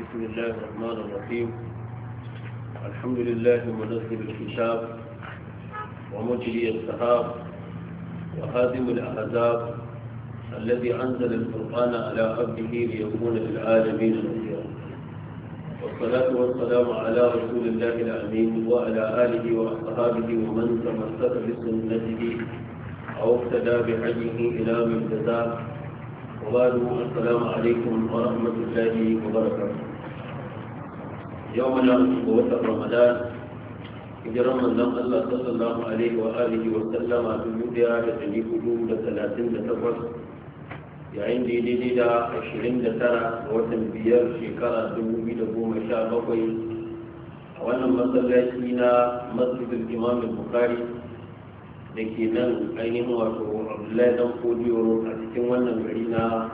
بسم الله الرحمن الرحيم الحمد لله منزل الكتاب ومجري السحاب وهادم الأحزاب الذي أنزل القرآن على عبده ليكون للعالمين نذيرا والصلاة والسلام على رسول الله الأمين وعلى آله وأصحابه ومن تمسك بسنته أو اقتدى بحجه إلى من جزاه وبعد السلام عليكم ورحمة الله وبركاته يومنا قوة رمضان hijirar manzon Allah sallallahu alaihi wa alihi wa sallama dubu daya da dari hudu da talatin da takwas yayin da daidai da ashirin da tara ga watan biyar shekara dubu biyu da goma sha bakwai a wannan masallaci na masjidul imam bukhari da ke nan ainihin wato abdullahi dan fodiyo a cikin wannan gari na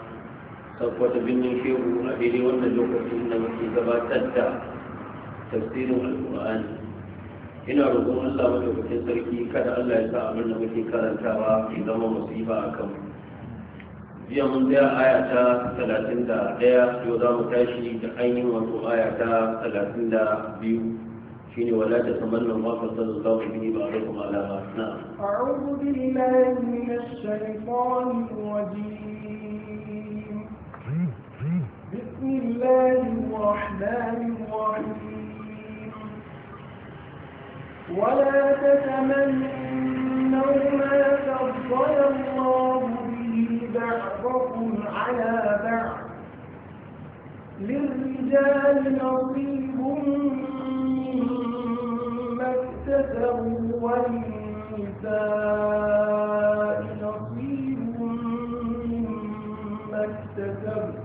sakwata birnin shehu a daidai wannan lokacin da muke gabatar da tafsirin alkur'ani ina roƙon allah madaukakin sarki kada allah ya sa abin da muke karantawa ya zama musiba a kanmu jiya mun tsaya aya ta talatin da ɗaya yau za mu tashi da ainihin wato aya ta talatin da biyu شين ولا تتمنى ما فضل الله به بعضكم على بعض نعم أعوذ بالله من الشيطان الرجيم بسم الله الرحمن الرحيم ولا تتمنوا ما فضل الله به بعضكم على بعض للرجال نصيب مما اكتسبوا وللنساء نصيب مما اكتسبوا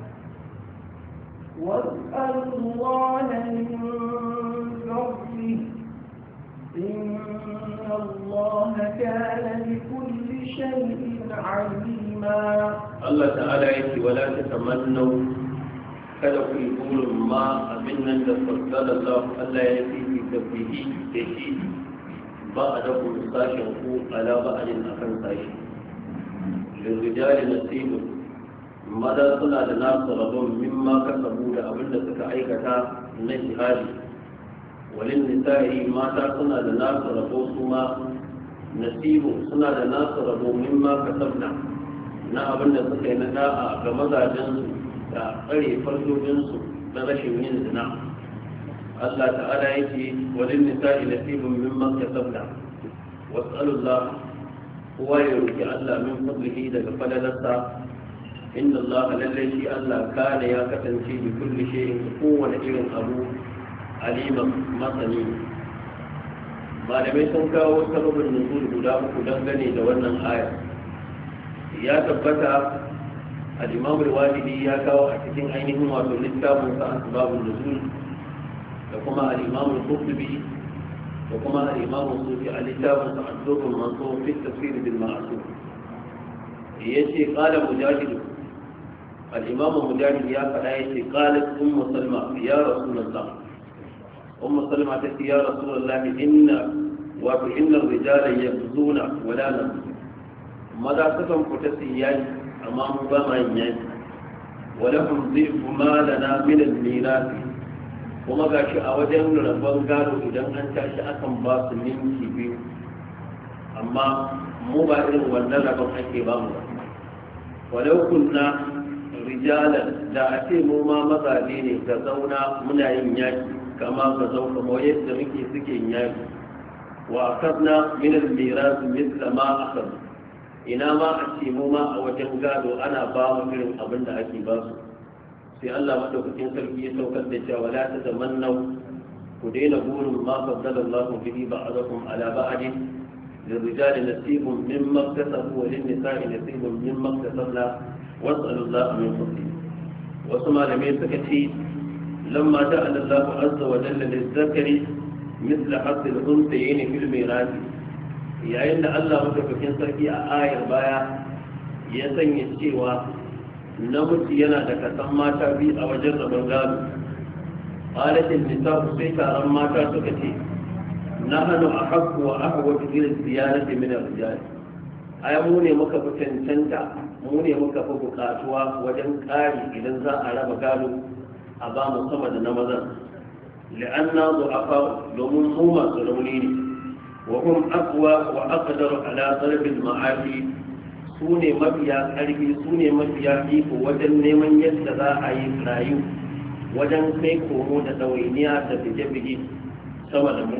واسأل الله من فضله إن الله كان لكل شيء عليما الله تعالى يقول ولا تتمنوا kada ku yi burin ma abin nan da za ku Allah ya fi da yi da shi ba a da ku sashen ku ala ba a yin akan sashi yanzu jari tsibir. mada suna da nasu rabon mimma kasabu da abin da suka aikata na jihari. walin nisa'i mata suna da nasu rabo su ma nasibin suna da nasu rabo ma kasabna na abin da suka yi na da'a ga mazajensu da tsare farjojinsu na rashin yin zina Allah ta'ala yake walin nisa'i nasibun min maktasabna was'alullah kowa ya roki Allah min fadlihi daga falalarsa inna Allah lallai shi Allah kana ya kasance da kulli shay'in kowane irin abu aliman masani malamai sun kawo sababin nuzul guda uku dangane da wannan aya ya tabbata الإمام الوالدي إياك وحكتين عينهم وأتو موسى أسباب النزول وكما الإمام الخطبي وكما الإمام الصوفي الكتاب التعذب المنصور في التفسير بالمعصوم يشي قال مجاهد الإمام مجاهد يا يشي قالت أم سلمة يا رسول الله أم سلمة تأتي يا رسول الله إن وإن الرجال يبزون ولا نبزون ماذا تفهم كتسي يعني amma mu ba ma yin yanki wala kun kuma da na milin mirasi kuma ga shi a wajen rabon gado idan an tashi akan ba su ninki biyu amma mu ba irin wannan rabon ake ba mu walau kunna rijalar da a ce mu ma mazaje ne ga zauna muna yin yaki kama ga zauna ma yadda muke suke yin yaki wa akadna min al-miras mithla ma akadna ina ma a ce mu ma a wajen gado ana ba mu irin abin da ake ba su sai Allah madaukakin sarki ya saukar da cewa wala ta zamanna ku daina burin ma faddala Allahu bihi ba'dakum ala ba'din للرجال نصيب مما اكتسبوا وللنساء نصيب مما اكتسبنا واسألوا الله من فضله وسمع لم يسكتي لما جعل الله عز وجل للذكر مثل حظ الأنثيين في الميراث yayin da Allah madaukakin sarki a ayar baya ya sanya cewa namiji yana da kasan mata biyu a wajen rabon gado ƙalatin nisa sai taron mata suka ce na hannu a haku wa aka wata gidan ziyarar da rijali ne muka fi cancanta mu muka fi buƙatuwa wajen ƙari idan za a raba gado a ba mu sama da na mazan a domin mu masu rauni ne وهم أقوى وأقدر على طلب المعاشي سوني مبيا قلبي سوني مبيا فيك وجن نمن يستغى أي رايو وجن كيك ومود دوينيا تتجبه سوى نمو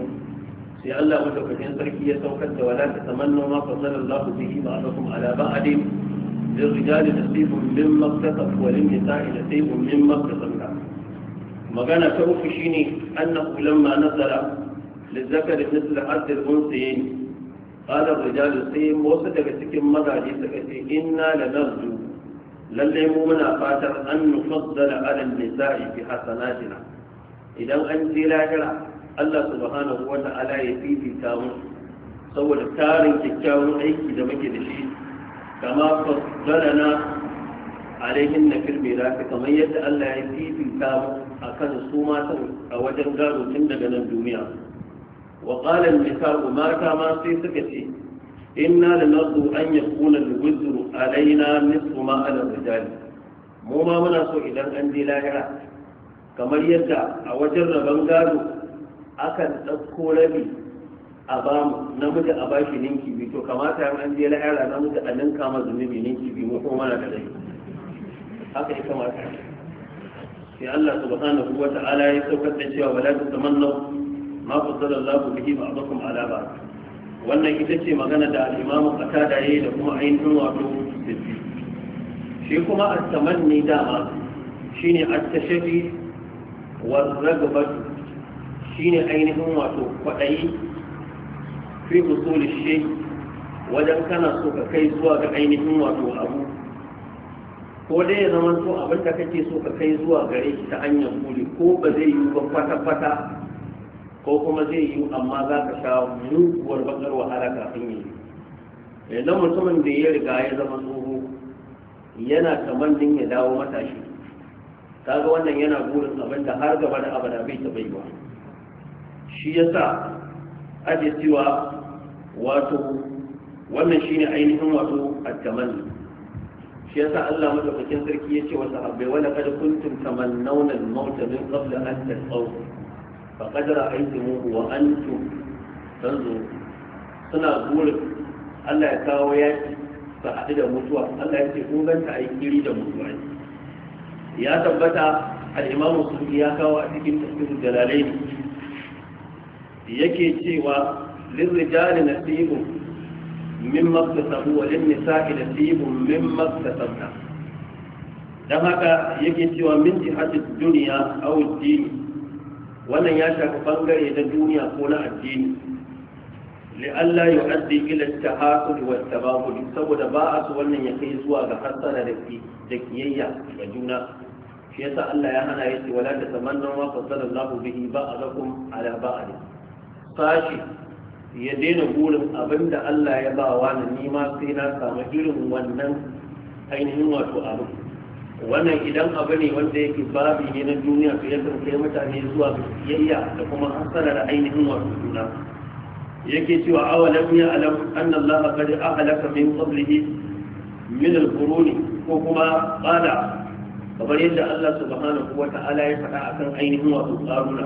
sai Allah madaukakin sarki ya saukar da wala ta tamannu ma fasala Allah bihi ba'dakum ala ba'din lirrijali nasibun mimma kasab wa lin nisa'i nasibun mimma kasabna magana ta shine annahu lamma nazala للذكر مثل حد الأنثيين قال الرجال سيم وصدق سكم مدعي سكتي إنا لنرجو للي ممنا فاتر أن نفضل على النساء في حسناتنا إذا أنت لا جرى الله سبحانه وتعالى يفيد كامل سوى التارن كتاون أيك إذا ما كما فضلنا عليهن في الميراث كما يتألى يفيد كامل أكن سوما أوجن قالوا تندقنا الدنيا wa qala an-nisa'u mata ma sai suka ce inna lanardu an yakuna al-wizru alaina nisfu ma ala rijal mu ma muna so idan an je lahira kamar yadda a wajen rabon gado akan ɗauko rabi a bamu namiji a bashi ninki biyu to kamata yan je lahira namiji a ninka ma zunubi ninki biyu mu kuma mana da rai haka ya kamata sai Allah subhanahu wa ta'ala ya saukar da cewa wala tatamannu ma fassara Allah bihi ba'dakum ala alaba wannan ita ce magana da al-Imam Qatada da kuma ainihin wato Sibbi shi kuma at-tamanni dama shine at-tashabi wa shi shine ainihin wato kwaɗayi fi usul shi wajen kana so ka kai zuwa ga ainihin wato abu ko dai ya zama so abin da kake so ka kai zuwa gare shi ta hanyar kuli ko ba zai yi ba kwata-kwata ko kuma zai yi amma za ka sha muguwar bakar wahala kafin yi yanzu mutumin da ya riga ya zama tsoho yana din ya dawo matashi kaga wannan yana burin abin da har gaba da abada bai taɓa yi ba shi sa ake cewa wato wannan shine ainihin wato a tamanni shi yasa Allah madaukakin sarki yace wa sahabbai wala kad kuntum tamannawna al-mauta min qabla an tasawwu faƙad ra'aytumuhu wa antum tanzu suna burin Allah ya kawo yaki su haɗu da mutuwa Allah ya ce kun ganta a kiri da mutuwa ya tabbata al-Imam Sufi ya kawo a cikin tafsir Jalalain yake cewa lirrijali nasibun مما اكتسبوا وللنساء نصيب مما اكتسبنا دم هكا يجي cewa من جهة الدنيا أو الدين wannan ya shafi bangare na duniya ko na addini li'alla yu'addi ila at-tahasud wa at-tabahud saboda ba a su wannan ya kai zuwa ga hasara da da kiyayya ga juna shi yasa Allah ya hana yace wala da tamannu wa fasalallahu bihi ba'dakum ala ba'd sashi ya daina burin abinda Allah ya ba wa ni sai na samu irin wannan ainihin wato abin wannan idan abu ne wanda yake babi ne na duniya to ya kai mutane zuwa ga da kuma hasara da ainihin wato juna yake cewa awalam ya alam anna Allah qad ahlaka min qablihi min al-quruni ko kuma qala kamar yadda Allah subhanahu wa ta'ala ya faɗa akan ainihin wato qaruna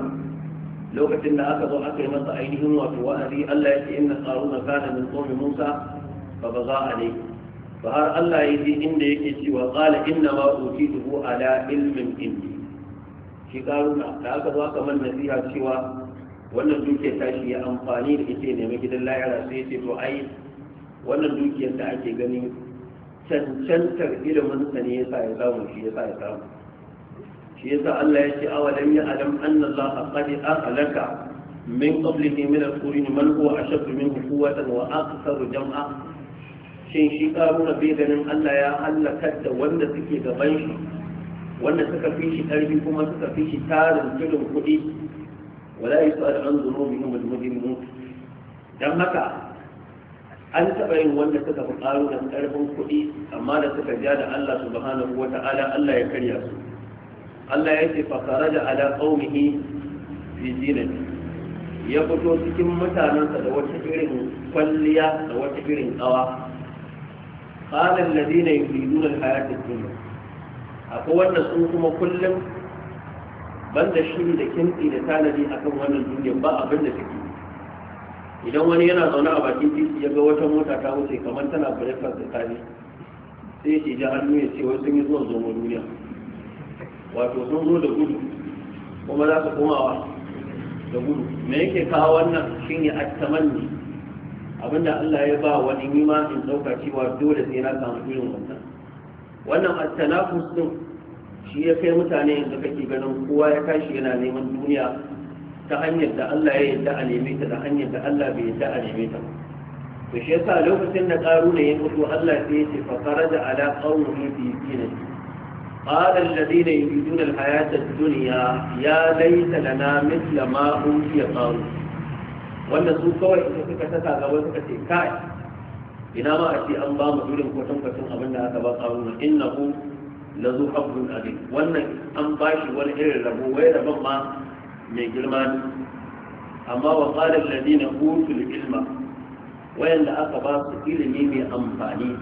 lokacin da aka zo aka yi masa ainihin wato wa'azi Allah ya ce inna qaruna kana min qawmi Musa fa baza alayhi ba har Allah ya ji inda yake cewa qala inna ma utituhu ala ilmin indi shi karuna da aka zo aka man nasiha cewa wannan dukiyar ta shi ya amfani da ita ne gidan lahira sai ya ce to ai wannan dukiyar da ake ganin cancantar ilimin sa ne yasa ya samu shi yasa ya samu shi yasa Allah ya ce awalam ya alam anna Allah qad akhlaka min qablihi min al-qurun man huwa ashaddu minhu quwwatan wa aktharu jam'a shin shi karuna bai ganin Allah ya halakar da wanda suke gaban shi wanda suka fi shi ƙarfi kuma suka fi shi tarin tudun kuɗi wala yi su al'an zuru bihin mulmudin mu don haka an taɓa yin wanda suka fi ƙaru ƙarfin kuɗi amma da suka ja da Allah subhanahu wa ta'ala Allah ya karya su Allah ya ce fakara da ala ƙaumihi fi zinati ya fito cikin mutanensa da wata irin kwalliya da wata irin ƙawa qalan ladina yuridun alhayat ad-dunya akwai wannan su kuma kullum banda shiri da kintsi da tanadi akan wannan duniya ba abin da take idan wani yana zaune a bakin titi ya ga wata mota ta wuce kamar tana breakfast da tani sai shi ji hannu ya ce sun yi zuwan zomo duniya wato sun zo da gudu kuma za su komawa da gudu me yake kawo wannan ne a tamanni abinda Allah ya ba wani nima in ɗauka cewa dole sai na samu irin wannan wannan at din shi ya kai mutane yanzu kake ganin kowa ya tashi yana neman duniya ta hanyar da Allah ya yarda a neme ta da hanyar da Allah bai yarda a neme ta to shi yasa lokacin da karu ne ya fito Allah sai ya ce fa kharaja ala qaumihi fi dinati قال الذين يريدون الحياة الدنيا يا ليت لنا مثل ما أوتي قارون wanda su kawai ita suka saka gaba suka ce kai ina ma a ce an ba mu irin kwatankwacin abin da aka ba ƙaruna innahu la zu habbun azim wannan an ba shi wani irin rabo wai rabon ma mai girma ne amma wa qala alladina utul ilma wayanda aka ba su ilimi mai amfani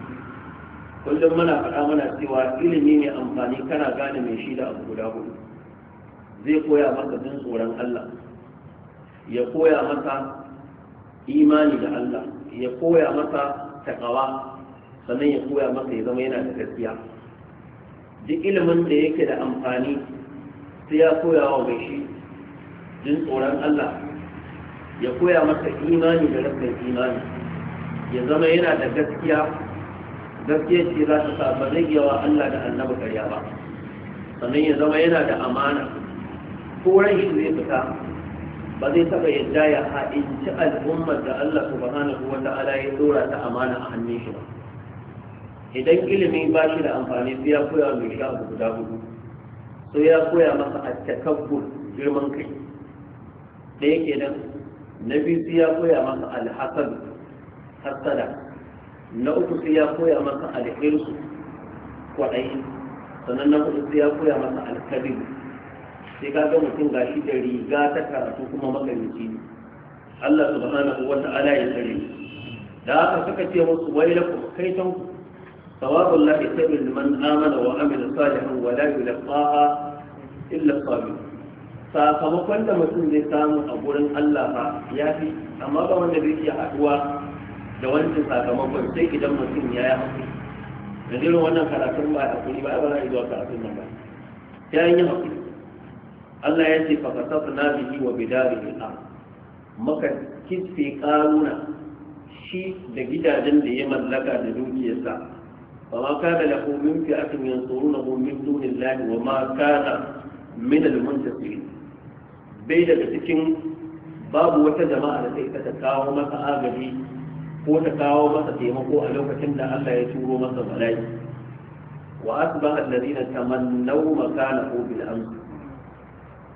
kullum muna faɗa mana cewa ilimi mai amfani kana gane mai shi da abu guda hudu zai koya maka jin tsoron Allah ya koya maka imani da Allah ya koya masa takawa sannan ya koya masa ya zama yana da gaskiya duk ilimin da yake da amfani sai ya koya wa mai shi jin tsoron Allah ya koya masa imani da rashin imani ya zama yana da gaskiya gaskiya ce za ta sa ba zai yawa Allah da annabi karya ba sannan ya zama yana da amana ko ran shi zai fita ba zai taba yadda ya ha'inci al'ummar da Allah subhanahu wa ta'ala ya tsora ta amana a hannun shi ba idan ilimi ba shi da amfani sai ya koya mai sha abu guda hudu sai ya koya masa a takabbur girman kai ɗaya nan na biyu sai ya koya masa alhasad hasada na uku sai ya koya masa alhirsu kwaɗayi sannan na hudu sai ya koya masa alkabir sai ka ga mutum gashi da riga ta karatu kuma makarici ne Allah subhanahu wa ta'ala ya tsare da aka suka ce musu wailakum kaitanku ثواب الله خير لمن آمن وعمل صالحا ولا يلقاها إلا الصابر sakamakon da mutum zai samu a gurin Allah ba ya fi amma ba wanda zai iya haduwa da wancan sakamakon sai idan mutum ya yi haƙuri da zirin wannan karatun ba a haƙuri ba a ba za a yi zuwa karatun nan ba ya yi haƙuri Allah ya ce fakasaf na bihi wa bidari bil'a maka kitse karuna shi da gidajen da ya mallaka da dukiyarsa fa ma da lahu min fi'atin yansurunahu min dunillahi wa ma kana min al-muntasir bai daga cikin babu wata jama'a da sai ta kawo masa agaji ko ta kawo masa taimako a lokacin da Allah ya turo masa bala'i wa asbaha alladhina tamannaw makanahu bil amsi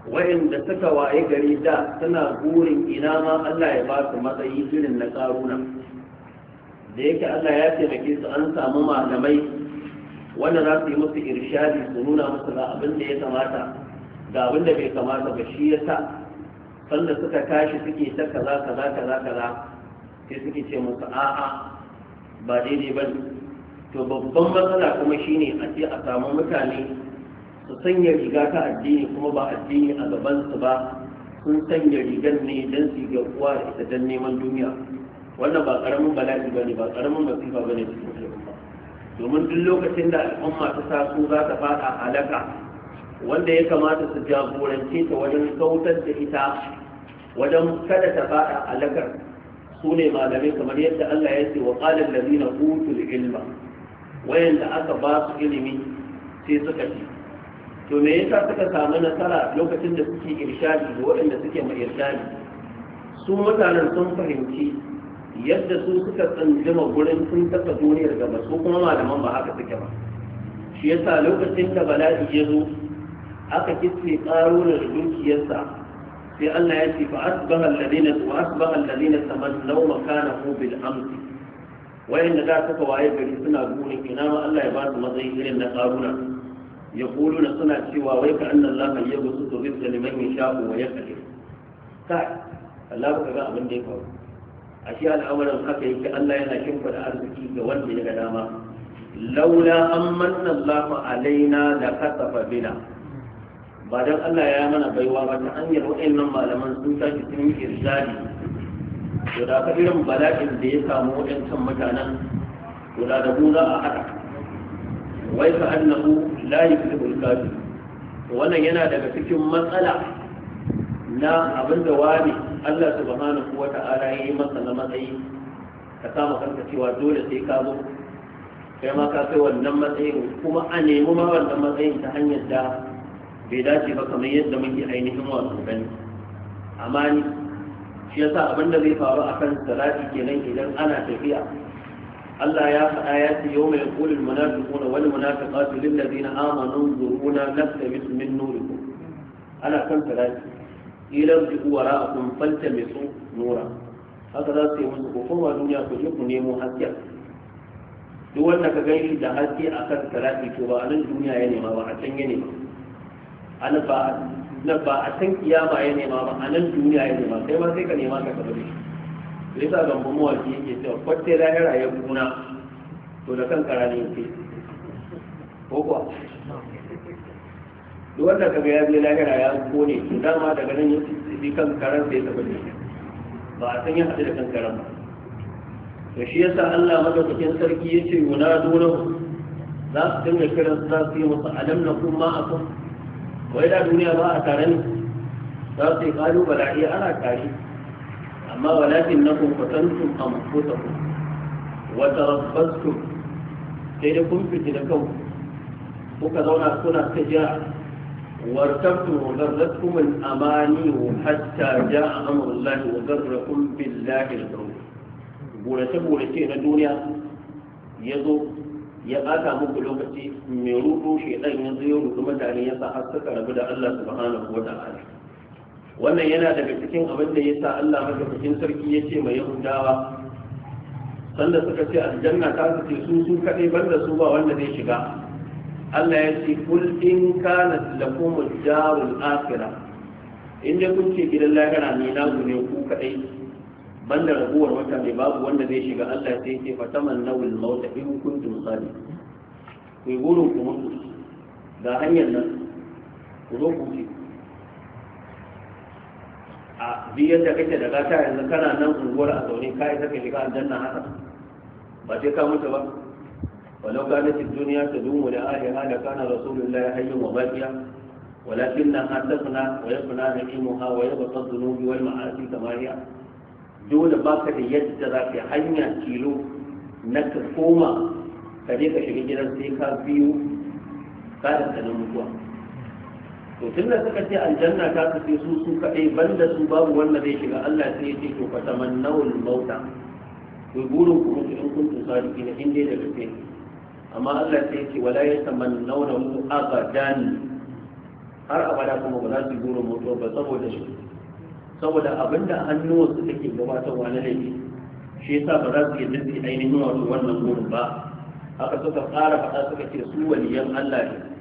wa'inda suka waye gari da suna burin ina ma Allah ya ba su matsayi irin na karuna da yake Allah ya taimake su an samu malamai wanda za su yi musu irshadi su nuna musu ga abin da ya kamata ga abin da bai kamata ba shi ya sa sanda suka tashi suke ta kaza kaza kaza kaza sai suke ce musu a'a ba daidai ba to babban matsala kuma shine a ce a samu mutane su sanya riga ta addini kuma ba addini a gabansu ba sun sanya rigar ne don su ga uwa da ita don neman duniya wannan ba karamin bala'i ba ne ba karamin masifa ba ne cikin al'umma domin duk lokacin da al'umma ta su za ta fada halaka wanda ya kamata su jagorance ta wajen kautar da ita wajen kada ta fada halakar su ne malamai kamar yadda Allah ya ce wa qala allazina utul ilma wayanda aka ba su ilimi sai suka ce to me yasa suka samu nasara lokacin da suke irshadi da waɗanda suke mai irshadi su mutanen sun fahimci yadda su suka tsanjima gurin sun taɓa duniyar gaba su kuma malaman ba haka suke ba shi yasa lokacin da bala'i ya zo aka kitse ƙaro da dukiyarsa sai Allah ya ce fa asbaha alladhina wa asbaha alladhina tamannaw makanahu bil amr wayanda da suka waye gari suna burin ina ma Allah ya ba su matsayi irin na karuna يقولون سنة سوى ويكأن الله يبسط الرزق لمن يشاء ويقدر كاي الله بك ga abin da ya faru a shi al'amarin haka yake Allah yana shimfida arziki ga wanda ya ga dama laula an manna Allah alaina da kasafa bina ba dan Allah ya mana baiwa ba ta hanyar waɗannan malaman sun tashi sun yi irzali irin bala'in da ya samu waɗancan mutanen da za a haɗa wai fa annahu la yuflihul kafir wannan yana daga cikin matsala na abin da wani Allah subhanahu wa ta'ala ya masa na matsayi ka samu kanka cewa dole sai ka zo kai ma ka kai wannan matsayin kuma a nemi ma wannan matsayin ta hanyar da bai dace ba kamar yadda muke ainihin wasu gani amma ni shi yasa abin da zai faru a kan salati kenan idan ana tafiya Allah ya faɗa ya ce yau mai kulul munafiqun wal munafiqatu lil ladina amanu zuruna nastabit min nurikum ana kan talaki ilar ji uwara a kun falta mai sun nura haka za su yi musu ko koma duniya ku je ku nemo haskiya duk wanda ka gan da haske a kan talaki to ba a nan duniya ya nema ba a can ya nema an ba a can kiyama ya nema ba a nan duniya ya nema sai ma sai ka nema ka tabbata da yasa gambo mawaki yake cewa kwatte lahira ya kuna to da kan kara ne yake ko kuwa duk wanda kaga ya je lahira ya kone to dama daga nan ya bi kan karan sai ta bane ba a san ya haɗu da kan karan ba to shi yasa Allah madaukakin sarki yace yunadu lahu za su dinga kiran za su yi musu alam na kuma a kun wai da duniya ba a tare ne za su yi kalu bala'i ana tare amma walakin na kumfatantum a mafusaku wata rabbastu sai da kun fiti da kau kuka zauna kuna ta ja وارتبتم وغرتكم الأماني حتى جاء أمر الله وغركم بالله الغرور ولسبب ولسين na duniya ya ɓata muku lokaci mai rudu shi ɗan yanzu yau da kuma ya sa har suka rabu da Allah subhanahu wa ta'ala wannan yana daga cikin abin da ya sa Allah madaukakin sarki ya ce mai yahudawa sanda suka ce aljanna ta su ce su su kaɗai da su ba wanda zai shiga Allah ya ce kul in kana lakum darul akhirah in dai kun ce gidan lahira ne na ne ku kaɗai banda rabuwar wata mai babu wanda zai shiga Allah sai ce fataman nawul maut in kuntum sali ku yi burin ku mutu ga hanyar nan ku zo ku ce a biyan da kake da gata yanzu kana nan unguwar a zaune ka yi saka shiga aljanna haka ba sai ka mutu ba walau kana fi duniya ta dumu da ahliha da kana rasulullahi hayyun wa baqiya ولكنها تفنى ya نعيمها ويبقى wani والمعاصي كما هي dole ba ka da yadda za ka hanya tilo na ka koma ka je ka shiga gidan sai ka biyu ka da tsanin mutuwa to tun da suka ce aljanna ta kace su su kaɗai banda su babu wanda zai shiga Allah sai ya ce to fa tamannawul mauta to burin ku mutu in kuntum sadiqina in dai da gaske amma Allah sai ya ce wala yatamannawna abadan har abada kuma ba za su burin mutu ba saboda shi saboda abinda hannuwansu take gabatarwa na laifi shi yasa ba za su yi dinki ainihin wato wannan burin ba haka suka fara faɗa suka ce su waliyan Allah ne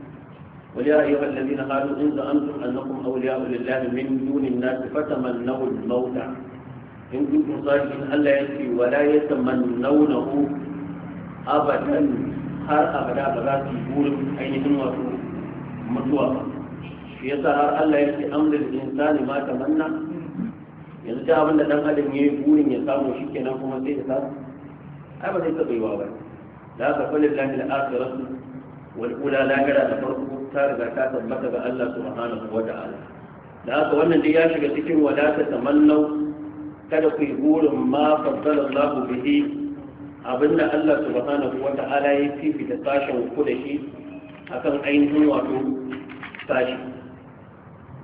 ويا أيها الذين هادوا إن زعمتم أنكم أولياء لله من دون الناس فتمنوا الموت إن كنتم صادقين ألا ينفي ولا يتمنونه أبدا har abada ba za su yi burin ainihin wato mutuwa ba shi yasa har Allah ya ce amrul insani ma tamanna yanzu ta abin da dan adam yayi burin ya samu shi kenan kuma sai ya samu ai ba zai taɓa yiwa ba da haka kullu lillahi al-akhiratu wal ula la gara da farko ta riga ta tabbata ga Allah subhanahu wa ta'ala da haka wannan dai ya shiga cikin wadata tamannau kada ku yi burin ma fassara Allah bihi abinda Allah subhanahu wa ta'ala ya da sashen ku da shi akan ainihin wato sashi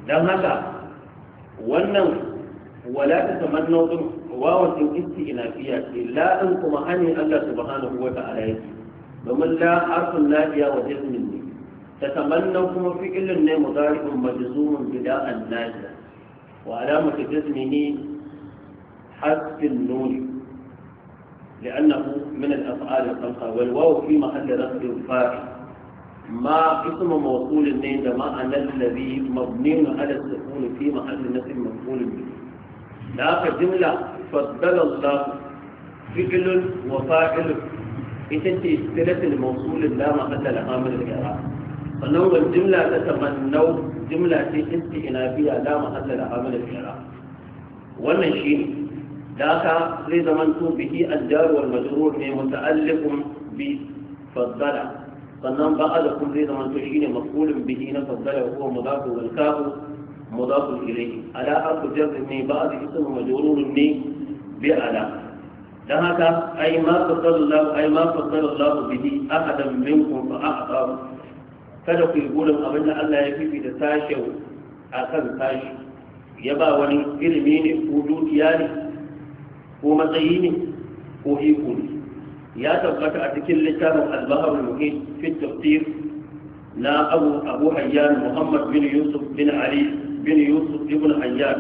don haka wannan wala ta tamannau din wawan din isti'nafiya illa in kuma hanin Allah subhanahu wa ta'ala yake domin la harfin nafiya wa jazmin تتمنى كما فعل النيم مضارع مجزوم بداء النازل وعلامة جزمه حذف النون لأنه من الأفعال الخمسة والواو في محل رفع فاعل ما اسم موصول النين ما أنا الذي مبني على السكون في محل نفي مفعول به لا جملة فضل الله فعل وفاعل إذا استلت الموصول لا محل لها من الإعراب sannan wal jimla ta tamannau jimla ce isti'nafiya la mahalla da amala fi'la wannan shine da haka zai zamanto bihi al-jar wal majrur ne muta'alliqun bi faddala sannan ba'adakum zai zamanto shine maf'ulun bihi na faddala ko mudafun wal kafu mudafun ilayhi ala aku jar ne ba'ad ismu majrurun ne bi ala dan haka ai ma faddala Allah ai ma faddala Allah bihi ahadan minkum fa a'tahu kada ku yi burin abin da Allah ya fifita sashen a kan tashi. ya ba wani ilimi ne ko dukiya ne ko matsayi ne ko iko ne ya tabbata a cikin littafin al muhim fi tafsir na abu abu hayyan muhammad bin yusuf bin ali bin yusuf ibn hayyan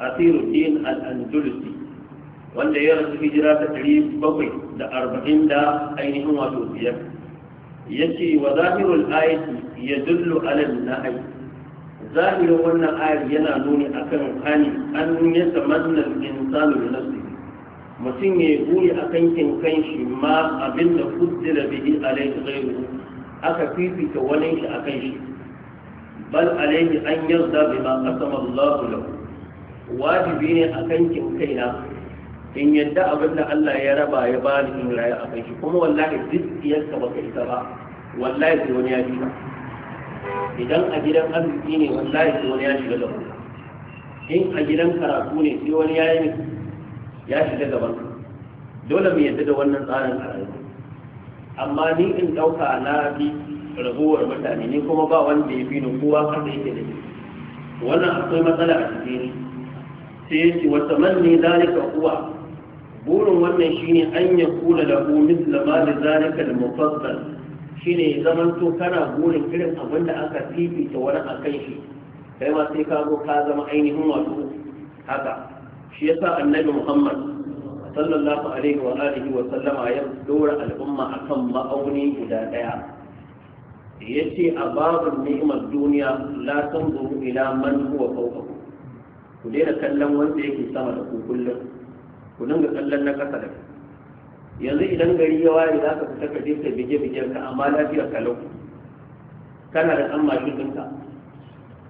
asiruddin al-andalusi wanda ya rasu hijira ta 740 da ainihin wato biyar yace wa zahirul ayati yadullu ala an-nahy zahirin wannan ayar yana nuni akan hani an yatamanna al-insanu da nafsihi mutum ya buri a akan kin shi ma abinda fuddila bihi alayhi ghayru aka fifita wani shi akan shi bal alayhi an yarda bima qasama Allah lahu wajibi ne akan kin kaina in yadda abin da Allah ya raba ya ba ni in rayu a kai shi kuma wallahi duk iyarka ba ka isa ba wallahi sai wani ya ji idan a gidan arziki ne wallahi sai wani ya shiga da ku in a gidan karatu ne sai wani ya yi ya shiga gaban dole mu yadda da wannan tsarin karatu amma ni in ɗauka na bi raguwar mutane ni kuma ba wanda ya bi ni kowa kan da yake da ni wannan akwai matsala a cikin sai ya ce wata manne zalika kuwa burin wannan shine an ya kula da hu da zalika da mufassal shine zaman zamanto kana burin irin abin da aka fifita wani a kan shi kai ma sai ka zo ka zama ainihin wato haka shi yasa annabi muhammad sallallahu alaihi wa alihi wa sallama ya dora al'umma akan ma'auni guda daya yace a babin ni'imar duniya la tanzuru ila man huwa fawqakum ku daina kallon wanda yake sama da ku kullum ku dinga kallon na ƙasa da ku yanzu idan gari ya waye za ka fita ka je ka bige bigen ka amma lafiyar kalau kana da ɗan mashin ɗinka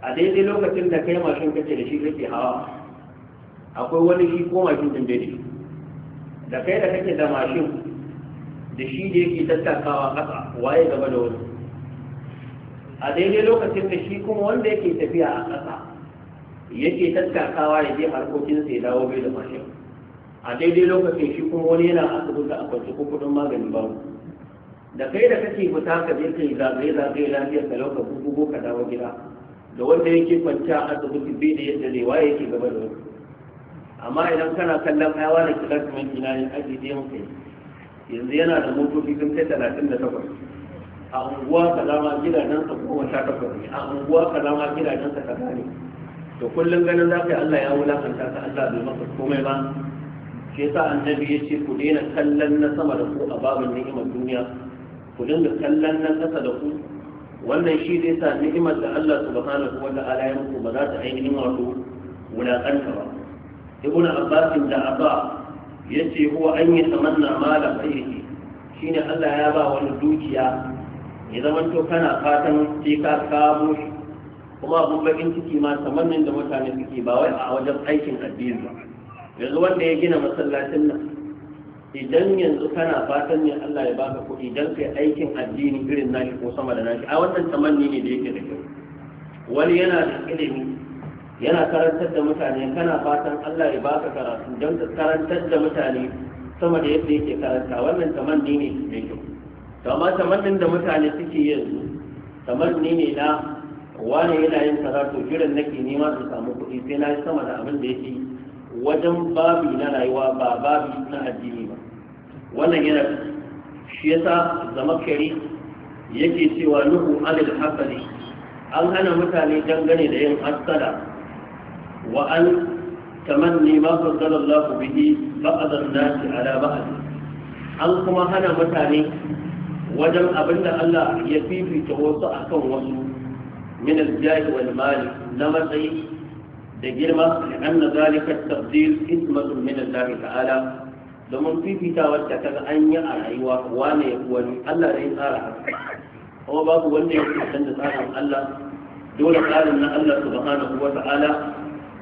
a daidai lokacin da kai mashin kake da shi kake hawa akwai wani shi ko mashin ɗin bai da kai da kake da mashin da shi da yake tattakawa ƙasa waye gaba da wani a daidai lokacin da shi kuma wanda yake tafiya a ƙasa yake tattakawa ya je harkokinsa ya dawo bai da mashin a daidai lokacin shi kuma wani yana asibiti a kwanci ko kudin magani ba da kai da kake fita ka je kai zagaye zagaye lafiyar ka lauka ko ka dawo gida da wanda yake kwanciya a asibiti bai da yadda zai waye yake gaba da amma idan kana kallon da wani kuma kina yin aji da muka yanzu yana da motoci sun kai talatin da takwas a unguwa ka zama gidajen ka kuma sha takwas a unguwa ka zama gidajen ka ta gane to kullum ganin za ka yi Allah ya wulakanta ka Allah bai maka komai ba shi yasa annabi ya ce ku daina kallon na sama da ku a babin ni'imar duniya ku dinga kallon na ƙasa da ku wannan shi zai sa ni'imar da Allah subhanahu wa ta'ala ya muku ba za ta ainihin wato wulaƙanta ba ibn abbas da abba yace huwa an yi tamanna mala bayyi shine Allah ya ba wani dukiya ya zama to kana fatan sai ka samu kuma abun bakin ciki ma tamannin da mutane suke ba wai a wajen aikin addini ba yanzu wanda ya gina masallacin nan idan yanzu kana fatan ne Allah ya baka kuɗi idan kai aikin addini irin naki ko sama da naki a wannan tamanni ne da yake da kyau wani yana da ilimi yana karantar da mutane kana fatan Allah ya baka karatu don ka karantar da mutane sama da yadda yake karanta wannan tamanni ne da kyau to amma tamannin da mutane suke yanzu tamanni ne na wani yana yin karatu jiran nake nema su samu kuɗi sai na yi sama da abin da yake wajen babi na rayuwa ba babi na addini ba wannan yana shi yasa zamakari yake cewa nuhu alil hasali an hana mutane dangane da yin asala wa an tamanni ma faddala Allah bihi ba'd an ala ba'd an kuma hana mutane wajen abinda Allah ya fifita wasu akan wasu min al-jahi wal mali na matsayi da girma anna zalika tabdil ismatun min Allah ta'ala domin fifita wacce kaga an yi a rayuwa wane ya wani Allah ne tsara haka kuma babu wanda ya san da tsarin Allah dole tsarin na Allah subhanahu wa ta'ala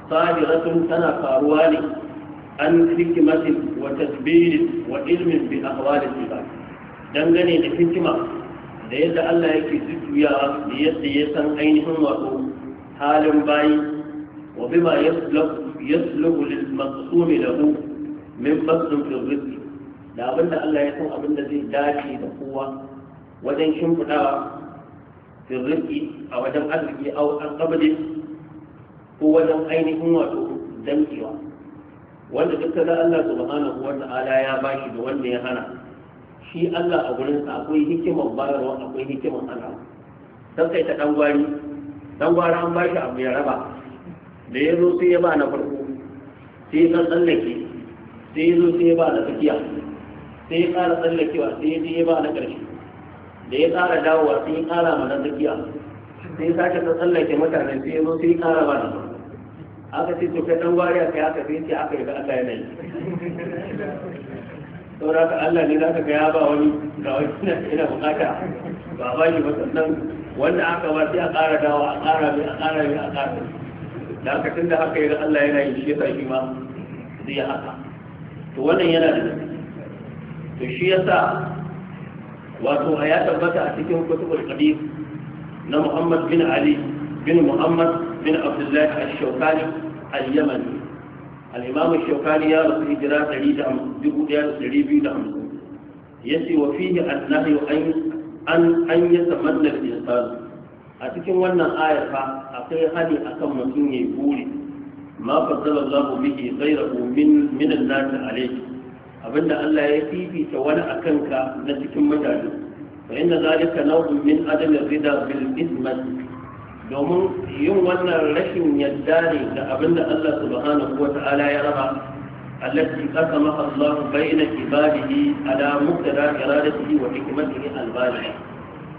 sahiratun tana faruwa ne an hikimatin wa tasbirin wa ilmin bi ahwalil ba. dangane da hikima da yadda Allah yake zuciya da yadda ya san ainihin wato halin bayi وبما يسلك يسلك للمقسوم له من فصل في الرزق da abin da Allah ya san abin da zai dace da kowa wajen shimfiɗawa firriki a wajen arziki a alƙabali ko wajen ainihin wato dankewa wanda duk da Allah subhanahu wa ta'ala ya bashi da wanda ya hana shi Allah a gurin sa akwai hikimar bayarwa akwai hikimar hana sai kai ta dan gwari dan gwara an bashi abu ya raba da ya zo sai ya ba na farko sai ya tsallake sai ya zo sai ya ba na tsakiya sai ya ƙara tsallakewa sai ya je ya ba na ƙarshe da ya ƙara dawowa sai ya ƙara ma na tsakiya sai ya sake tsallake mutane sai ya zo sai ya ƙara ba na farko aka ce to kai dan wariya kai aka sai ce aka yi aka yana yi saboda ka Allah ne za ga ya ba wani ga wani ina bukata ba ba shi ba sannan wanda aka ba sai a ƙara dawa a ƙara mai a ƙara mai a ƙara mai da haka tunda haka yi Allah yana yin shi yasa shi ma zai haka to wannan yana da to shi yasa wato a ya tabbata a cikin kutubul hadith na Muhammad bin Ali bin Muhammad bin Abdullah al-Shawkani al-Yamani al-Imam al-Shawkani ya rasu hijira 1250 yace wa fihi annahu an an yatamanna al-insan a cikin wannan ayar fa akwai hali akan mutum ya buri ma faddala Allahu bihi ghayrahu min min an-nas alayhi abinda Allah ya fifita wani akan ka na cikin mutane fa inna zalika naw'un min adam ar-rida bil ismat domin yin wannan rashin yadda ne da abinda Allah subhanahu wata'ala ya raba التي قسمها الله بين عباده على wa إرادته وحكمته البالغة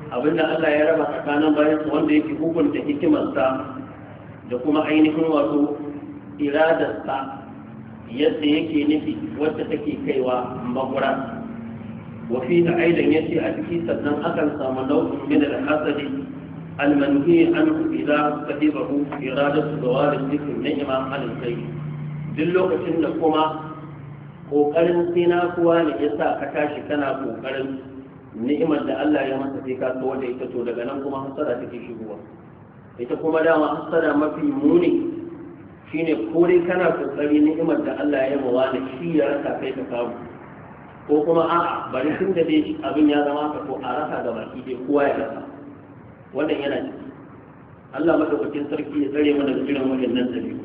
abinda Allah ya raba tsakanin bayan su wanda yake hukunta hikimarsa da kuma ainihin wato iradarsa yadda yake nufi wadda take kaiwa magura wafi da aidan yace a ciki sannan akan samu nau'in min al-hasadi al an idza sahibahu iradatu zawal dhikr ni'ma al-sayyid duk lokacin da kuma kokarin sina kuwa ne yasa ka tashi kana kokarin ni'imar da Allah ya masa sai ka so wanda ita to daga nan kuma hasara take shigowa ita kuma dama hasara mafi muni shine ko dai kana kokari ni'imar da Allah ya mawa wani shi ya rasa kai ka samu ko kuma a'a bari tun da dai abin ya zama ka ko a rasa ga baki dai kowa ya rasa wannan yana ciki Allah madaukakin sarki ya tsare mana da irin wajen nan biyu.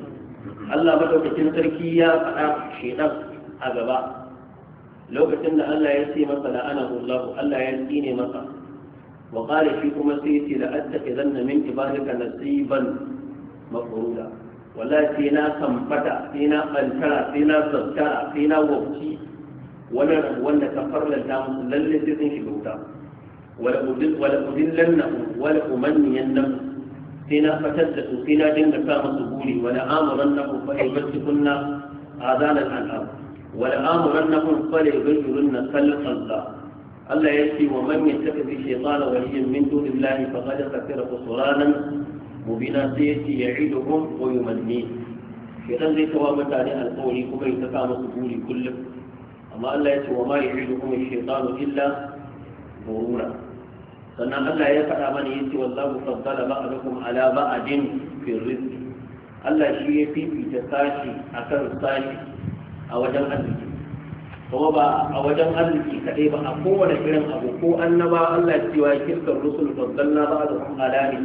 Allah madaukakin sarki ya faɗa shedan a gaba lokacin da Allah ya ce masa la'anahu Allah Allah ya tsine masa wa qala shi kuma sai yace la attakhizanna min ibadika nasiban mafruda wallahi sai na kamfata sai na bantara sai na zakkara sai na wabci Wannan, wanda ka farlanta musu lalle sai sun shiga wuta wala udil wala udillanna wala umanniyanna sai na fatar da su sai na dinga sa musu buri wala amuranna fa ayyatukunna azanan al'am ولآمرنهم فليغيرن خلق الله الله يأتي ومن يتخذ الشيطان وليا من دون الله فقد خسر خسرانا مبينا سيأتي يعيدهم ويمنيه شيطان زي سوا متاني القولي كما يتقام سبولي كله أما الله يأتي وما يعيدهم الشيطان إلا غرورا sannan Allah ya faɗa mana ya ce wallahu faddala ba'dakum ala ba'din fi rizqi Allah shi ya fifita sashi akan sashi a wajen arziki kuma ba a wajen arziki kaɗai ba a kowane irin abu ko annaba Allah cewa kirkar rusul faddalna ba a zafin alani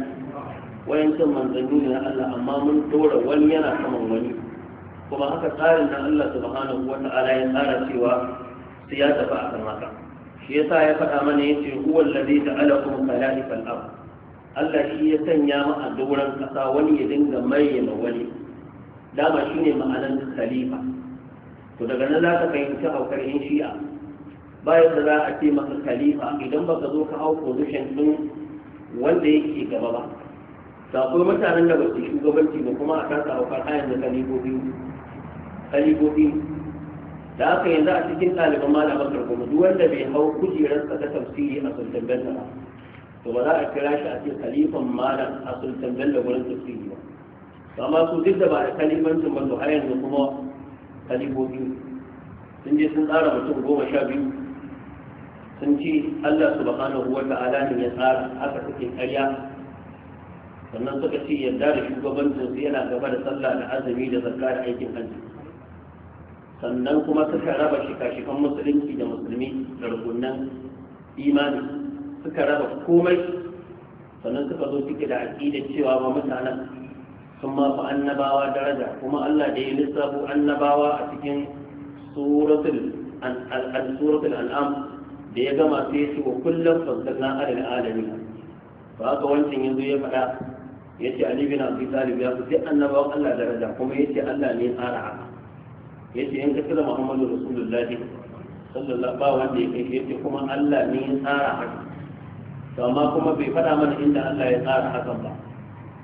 wayancin manzanni ne na Allah amma mun dora wani yana saman wani kuma haka tsarin na Allah subhanahu wa ta'ala ya tsara cewa sai ya tafi a kan haka shi yasa ya faɗa mana ya yace huwa allazi ta'alakum khalaqal ard Allah shi ya sanya mu a doron kasa wani ya dinga mayyana wani dama shine ma'anar khalifa to daga nan za ka fahimci haukar yan shi'a bayan da za a ce maka khalifa idan baka zo ka hau position din wanda yake gaba ba sako mutanen da basu shugabanci ba kuma a kasa haukar hayan da kalibobi kalibobi da haka yanzu a cikin ɗaliban malaman karkuma duk wanda bai hau kujerarsa ta tafsiri a sultan bello ba to ba za a kira shi a ce khalifan malam a sultan bello wurin tafsiri ba amma su duk da ba da kalifancin ba to har yanzu kuma kalibobi sun je sun tsara mutum goma sha biyu sun ci Allah subhanahu wa ta'ala ne ya tsara haka suke karya sannan suka ce yadda da shugaban su yana gaba da sallah da azumi da zakka da aikin hajji sannan kuma suka raba shika-shikan musulunci da musulmi da rukunan imani suka raba komai sannan suka zo cike da aƙidar cewa ba mutanen sun mafi annabawa daraja kuma Allah da ya lissafo annabawa a cikin suratul al'am da ya gama sai shi wa kullum fasalna alal alamin ba ka wancan yanzu ya faɗa ya ce ali bin abi talib ya fi annabawan Allah daraja kuma ya ce Allah ne tsara haka ya ce in ka kira muhammadu rasulullahi sallallahu ba wanda ya kai ya ce kuma Allah ne tsara haka to amma kuma bai faɗa mana inda Allah ya tsara hakan ba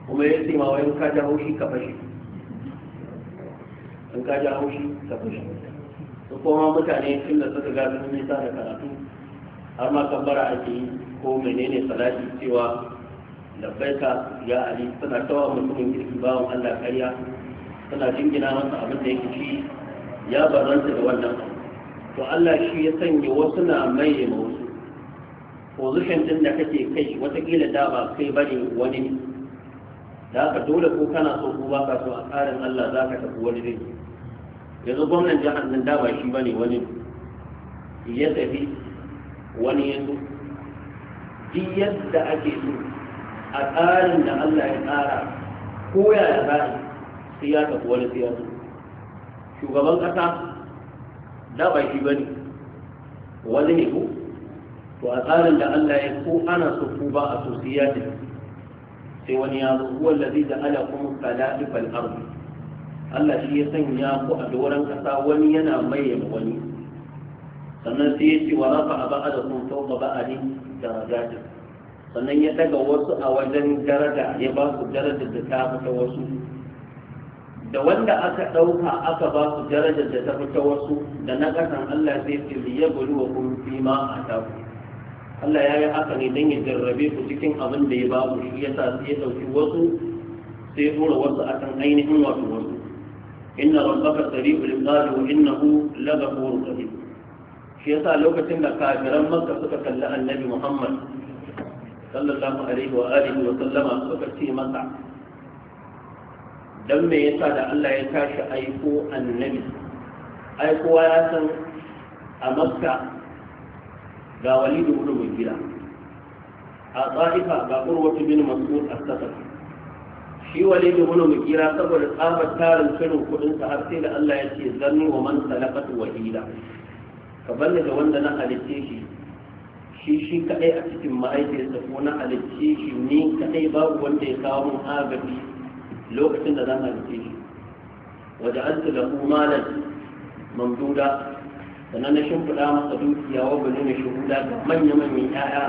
kuma ya ce ma wayan ka jawo shi ka fashe in ka jawo shi ka fashe su kuma mutane tun da suka gasu sun nisa da karatu har ma kambara ake yi ko menene salati cewa labbaika ya ali suna tawa mutumin kirki bawan Allah karya suna jingina masa abin da yake shi ya baranta da wannan to Allah shi ya sanya wasu na maye ma wasu position din da kake kai watakila da ba kai bane wani da aka dole ko kana so ko ba ka so a tsarin Allah za ka tafi wani ne yanzu gwamnan jihar nan da ba shi bane wani ya tafi wani ya so duk yadda ake so a tsarin da Allah ya tsara ko ya za sai ya tafi wani sai ya so shugaban kasa da ba shi bane wani ne ko to a tsarin da Allah ya ko ana so ko ba a so sai ya tafi sai wani ya zo huwa allazi ja'ala kum khala'ifal ardh Allah shi ya sanya ku a doron kasa wani yana maye wani sannan sai ya ce wa rafa ba'adakum fawqa ba'adin darajatin sannan ya daga wasu a wajen daraja ya ba su darajar da ta fita wasu da wanda aka ɗauka aka ba su darajar da ta fita wasu da na ƙasan Allah sai ce ya bulu wa kun fi ma a taku Allah ya yi haka ne don ya jarrabe ku cikin abin da ya babu shi ya sa sai ya ɗauki wasu sai ya tura wasu akan ainihin wato wasu inna rabbaka sari'ul iqabi wa innahu laghafurur rahim shi yasa lokacin da kafiran makka suka kalli annabi muhammad sallallahu alaihi wa alihi wa sallama suka ce masa dan me yasa da Allah ya tashi aiko annabi aikowa ya san a makka ga walidu ibn mugira a tsaifa ga urwatu bin mas'ud as-sadafi shi walidu ibn mugira saboda tsabar tarin shirin kudin sa har sai da Allah ya ce zanni wa man salakatu wahida ka banne da wanda na halicce shi shi shi kadai a cikin ma'aikata ko na halicce shi ni kadai babu wanda ya kawo mun agabi lokacin da zan halicce shi waje an su lahu malan mamduda sannan na shimfiɗa masa dukiya wa bane na shuhuda ga manya-manyan 'ya'ya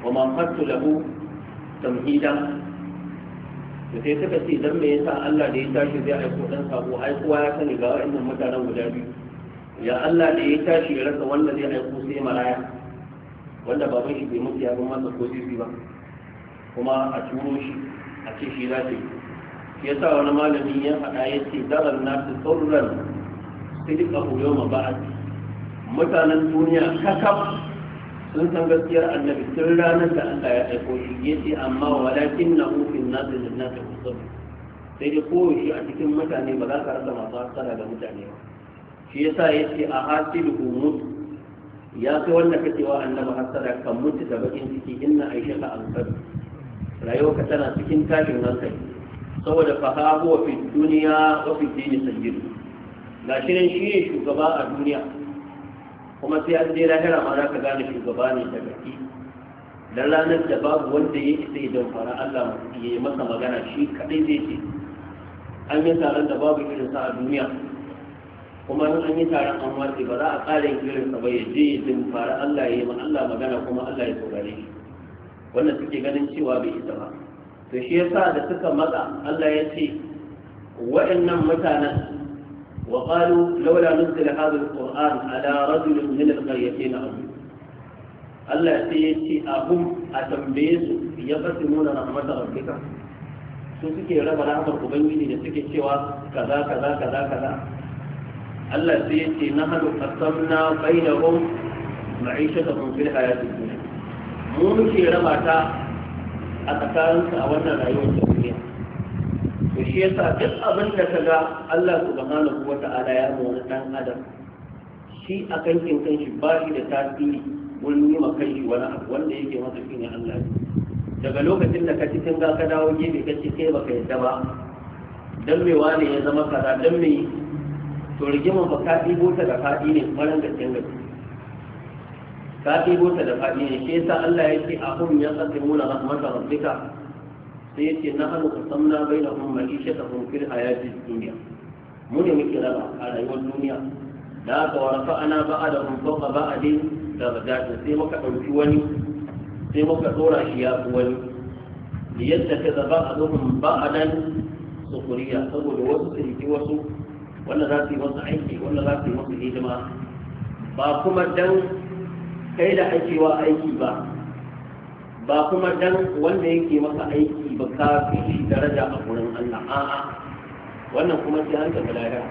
wa mafattu lahu tamhida da sai suka ce dan me yasa Allah da ya tashi zai aiko dan sako ai kowa ya sani ga wa'annan mutanen guda biyu ya Allah da ya tashi ya rasa wanda zai aiko sai maraya wanda baban shi bai mutu ya bar masa ko ba kuma a turo shi a ce shi za ta yi shi yasa wani malami ya faɗa ya ce dalar nasu sauran sai duka koyo ma ba'adi mutanen duniya kakaf sun san gaskiyar annabi tun ranar da Allah ya aiko shi ya ce amma walakin na hufin nasu da nasu musamman sai dai kowace a cikin mutane ba za ka rasa masu hasara da mutane ba shi yasa ya ce a hasilu mutu ya kai wanda kake wa annabi hasara kan mutu da bakin ciki inna aisha ka amsar rayuwarka tana cikin tashin hankali saboda fahabu wa fi duniya wa fi dini sanjiru ga shi ne shugaba a duniya kuma sai an je lahira ma za ka gane shugaba ne da gaske dan ranar da babu wanda ya isa ya damfara Allah ya yi masa magana shi kadai zai ce an yi taron da babu irin sa a duniya kuma in an yi taron an watsi ba za a ƙara yin irin sa ba ya je ya damfara Allah ya yi ma Allah magana kuma Allah ya saurare shi wannan suke ganin cewa bai isa ba to shi yasa da suka matsa Allah ya ce waɗannan mutanen وقالوا لولا نزل هذا القرآن على رجل من القريتين عظيم Allah sai ya ce abun a tambaye su ya fasi nuna rahmatar rabbika su suke raba rahmar ubangiji da suke cewa kaza kaza kaza kaza Allah sai ya ce nahnu qasamna bainahum ma'ishatahum fil hayatid dunya mu muke raba ta a tsakaninsu a wannan rayuwar duniya to shi yasa duk abin da ka ga Allah subhanahu wa ala ya mu wani dan adam shi a kankin kanshi ba shi da tasiri wurin yi kan kanshi wani abu wanda yake masa shi ne Allah daga lokacin da ka cikin ga ka dawo gefe ka ce kai baka yadda ba dan me wane ya zama kaza dan me to rigima ba ka bota ta da fadi ne maran da cin gaske ka ɗibo ta da fadi ne shi yasa Allah ya ce a kun ta tsakamuna rahmatar rabbika sai yace na hannu ka samna bai da hun malishe ta hun fil hayati duniya mu ne muke raba a rayuwar duniya da aka warfa ana a da hun ba a dai da ba bada sai muka ɗauki wani sai muka ɗora shi ya fi wani liyadda ka zaba a a nan sukuriya saboda wasu su tsirki wasu wanda za su yi masa aiki wanda za su yi wasu hidima ba kuma dan kai da ake wa aiki ba ba kuma dan wanda yake maka aiki ba ka fi daraja a gurin Allah a'a wannan kuma sai an tafi lahira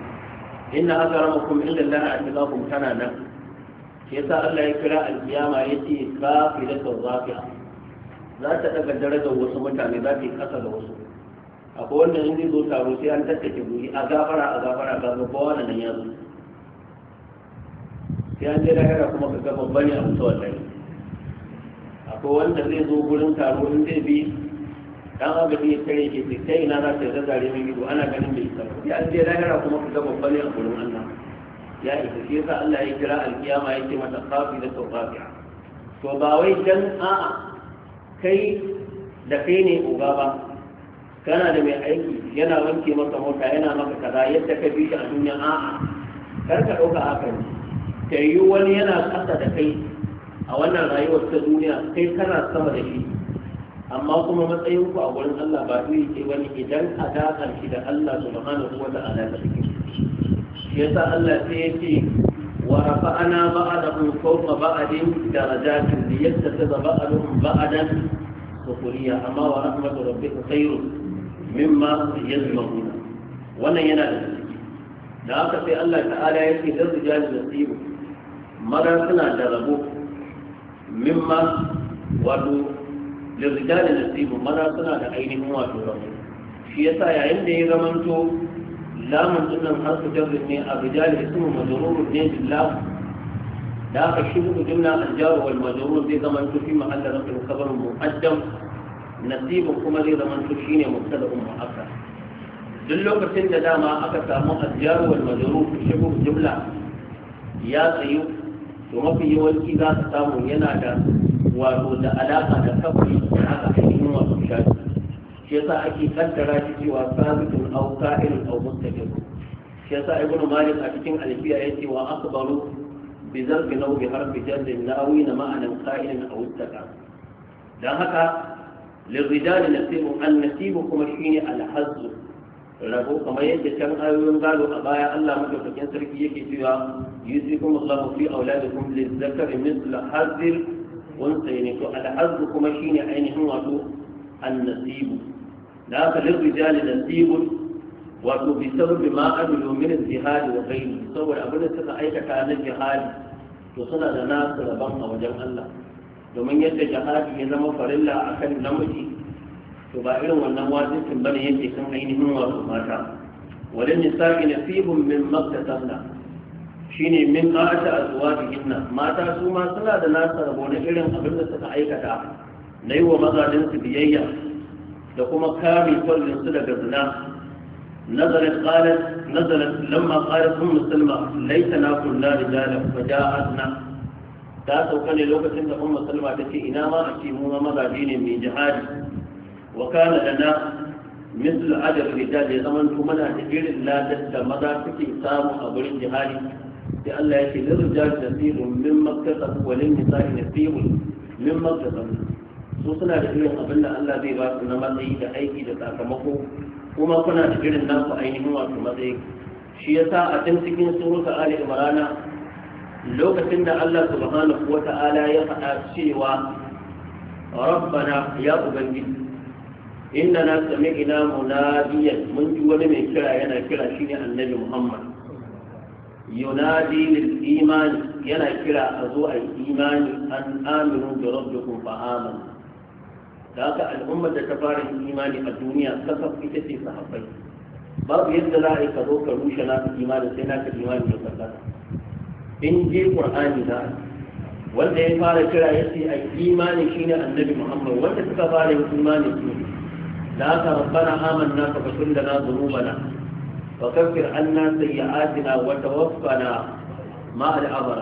inna akramakum illa Allah atqakum tana nan ke yasa Allah ya kira alkiyama yace da zafiya za ta daga darajar wasu mutane za ta yi kasa da wasu akwai wanda in zai zo taro sai an tattake guri a gafara a gafara ga gaba wannan ya zo sai an je lahira kuma ka ga babban a ta wallahi ko wanda zai zo gurin taro in zai bi dan agaji ya tare ke sai ina na za ta zare mai ido ana ganin bai isa ya an je lahira kuma ku ga babban ne a gurin Allah ya isa shi yasa Allah ya kira alkiyama yake mata kafi da tawqafiya to ba wai dan a'a kai da kai ne uba ba kana da mai aiki yana wanke maka mota yana maka kaza yadda ka bi shi a duniya a'a kar ka ɗauka haka ne ta yi wani yana kasa da kai a wannan rayuwar ta duniya kai kana sama da shi amma kuma matsayin ku a wurin Allah ba iri ke wani idan a dakar shi da Allah subhanahu wa ta'ala ta shi yasa Allah sai ya ce wa rafa'ana ba'adahum fawqa ba'adin darajatin liyattakhidha ba'aduhum ba'adan sukhriya amma wa rahmatu rabbika khairun mimma yajma'una wannan yana da da haka sai Allah ta'ala ya ce da rijalin nasibu mara suna da rabo mimma wato lirrijali nasibu maza suna da ainihin wato rabu shi yasa yayin da ya zamanto lamun dinnan harfu jarrin ne a rijali ismu majrurun ne billah da aka shigo jumla al-jar wal majrur zai zamanto fi mahalla rafin khabar muqaddam nasibu kuma zai zamanto shine mubtada'un mu'akkar duk lokacin da dama aka samu al-jar wal majrur shigo jumla ya tsayu to mafi yawanci za ka samu yana da wato da alaƙa da kafin da aka ainihin wasu shafi shi yasa ake kaddara shi cewa sabitun auka irin au mustaqim shi yasa ibn malik a cikin alfiya ce wa akbaru bi zarbi law bi harfi jar nawi na ma'anan ka'irin au mustaqim dan haka lirrijali nasibu an nasibu kuma shine alhazzu rabo kamar yadda can ayoyin gado a baya Allah madaukakin sarki yake cewa yusikum Allah fi auladikum lizzakari misl hazir unsayn to al-hazr kuma shine ainihin wato an-nasib da haka lirrijali nasibun wato bi sababi ma amilu min jihadi wa ghairi saboda abin da suka aikata na jihadi to suna da nasu rabon a wajen Allah domin yadda jihadi ya zama farilla akan namiji to ba irin wannan wajibin bane yake kan ainihin wato mata na nisa'i nasibun min maktasanna shine min qata azwajihinna mata su ma suna da nasu rabo na irin abin da suka aikata na yi wa mazajen su biyayya da kuma kare kwallon su daga zina nazarin qalat nazarin lamma qalat um muslima laita na kullu rijalan faja'atna ta sauka ne lokacin da ummu salma ta ce ina ma a ce mu mazaje ne mai jihadi wa kana lana misl adab rijal ya zaman to muna da irin ladar da maza suke samu a jihadi sai Allah ya ce lil rijal nasibun min maktasab wa lin nisa'i nasibun min maktasab su suna da irin abin Allah zai basu na matsayi da aiki da sakamako kuma kuna da irin naku ainihin shi a can cikin ali lokacin da Allah subhanahu wa ta'ala ya faɗa cewa rabbana ya inna na sami ina munadiyan mun ji wani mai kira yana kira shi ne annabi muhammad yunadi lil iman yana kira a zo a imani an aminu da rabbikum fa aman da haka al'ummar da ta fara imani a duniya kasaf ita ce sahabbai babu yadda za a yi ka zo ka rushe na imani sai na ka imani da sallata in je qur'ani na. wanda ya fara kira ya ce a imani shine annabi muhammad wanda suka fara yin imani ne? لا ربنا آمنا فكفر لنا ذنوبنا وكفر عنا سيئاتنا وتوفنا مع الأمر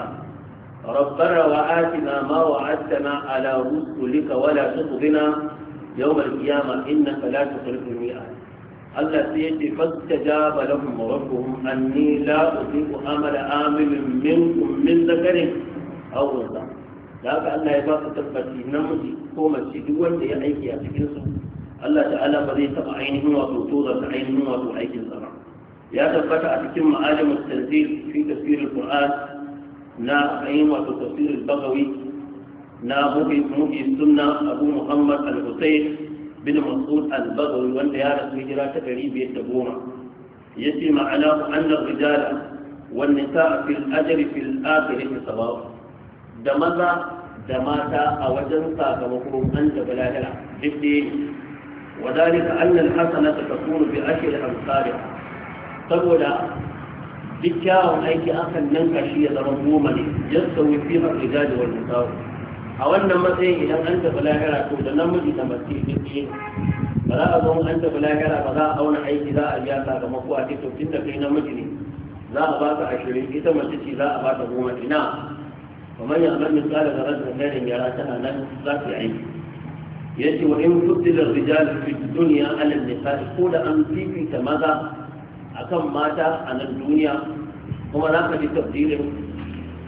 ربنا وآتنا ما وعدتنا على رسلك ولا تخزنا يوم القيامة إنك لا تخلف الميعاد الله سيدي فاستجاب لهم ربهم أني لا أطيق أمل آمن منكم من ذكر أو أنثى لا الله يبارك في نمشي في دول يعيش يا سكنسو Allah ta'ala ba zai taɓa ainihin wato tozarta ainihin wato aikin sa ba ya tabbata a cikin ma'alimus tanzil fi tafsirul qur'an na ainihin wato tafsirul bagawi na muhi sunna abu muhammad al-husayn bin mas'ud al-bagawi wanda ya rasu hijira ta ɗari biyar da goma ya ce ma'ana annar rijala wani ta fil ajari fil akhirin sabawa da maza da mata a wajen sakamakon an da balagala duk da وذلك أن الحسنة تكون بأشر أمثالها saboda duk kyawun aiki akan nan kashi ya zama goma ne yadda fi har riga da wani tsawo a wannan matsayin idan an tafi lahira to da namiji da mace duk ba za a zo an tafi lahira ba za a auna aiki za a biya sakamako a ce to da kai namiji ne za a ba ashirin ita mace za a ba ta goma kamar da yara tana nan aiki yace wa in fuddila rijal fi dunya ala nisa'i ko da an fifita maza akan mata a nan duniya kuma za ka ji tafsirin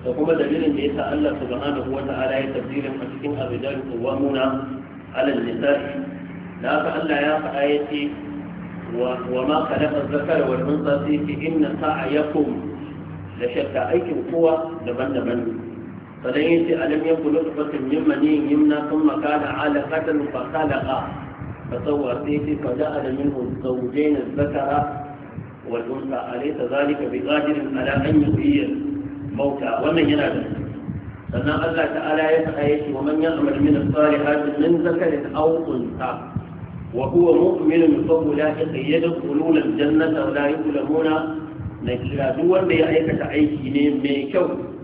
da kuma dalilin da yasa Allah subhanahu wa ta'ala ya tafsirin a cikin ar-rijal qawwamuna ala nisa'i da haka Allah ya faɗa yace وما خلق الذكر والانثى في ان سعيكم shakka ايكم قوه daban-daban. فلن يأتي ألم يكن نطفة من مني يمنى ثم كان علقة فخلق فصور فيه فجعل منه الزوجين الذكر والأنثى أليس ذلك بقادر على أن يحيي الموتى ومن ينادى sannan Allah ta'ala ya faɗa yake wa man ya'mal min as-salihati min zakarin aw unsa wa huwa mu'minun fa ulaika yadkhuluna al-jannata wa duk wanda ya aikata aiki ne mai kyau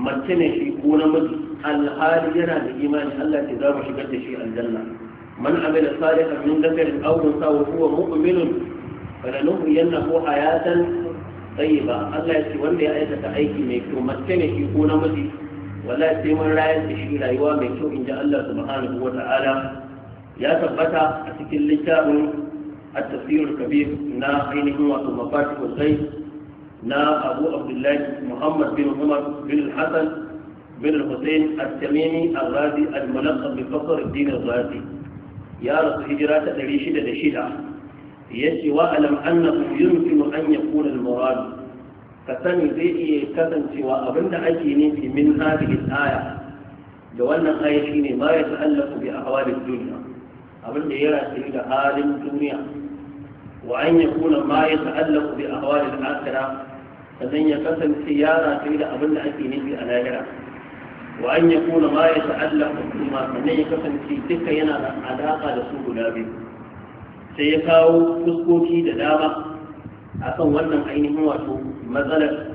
mace ne shi ko namiji alhali yana da imani Allah ce za mu shigar da shi aljanna man amila salihan min dhakarin aw unsa wa huwa mu'minun falanuhyiyannahu hayatan tayyiba Allah ya ce wanda ya aikata aiki mai kyau mace ne shi ko namiji wallahi sai mun rayar da shi rayuwa mai kyau inda Allah subhanahu wa ta'ala ya tabbata a cikin littafin التفسير na ainihin wato ومفاتيح الغيب na abu abdullahi muhammad bin umar bin hassan bin hussein al-tamimi al-radi al-mulaqab bi fakar din ya rasu hijira ta 606 yace wa alam annahu yumkinu an yakuna al-murad ka sani zai iya kasancewa abinda ake nufi min hadhihi al-aya da wannan aya shine ma ya ta'allaqu bi ahwali ad-dunya abinda ya rasu da halin duniya wa an yakuna ma ya bi ahwali al-akhirah sannan ya kasance ya rataye da abin da ake nufi a lahira wa an ya kuna ma ya ta'allaka kuma sannan ya kasance duka yana da alaƙa da su guda biyu sai ya kawo fuskoki da dama akan wannan ainihin wato matsalar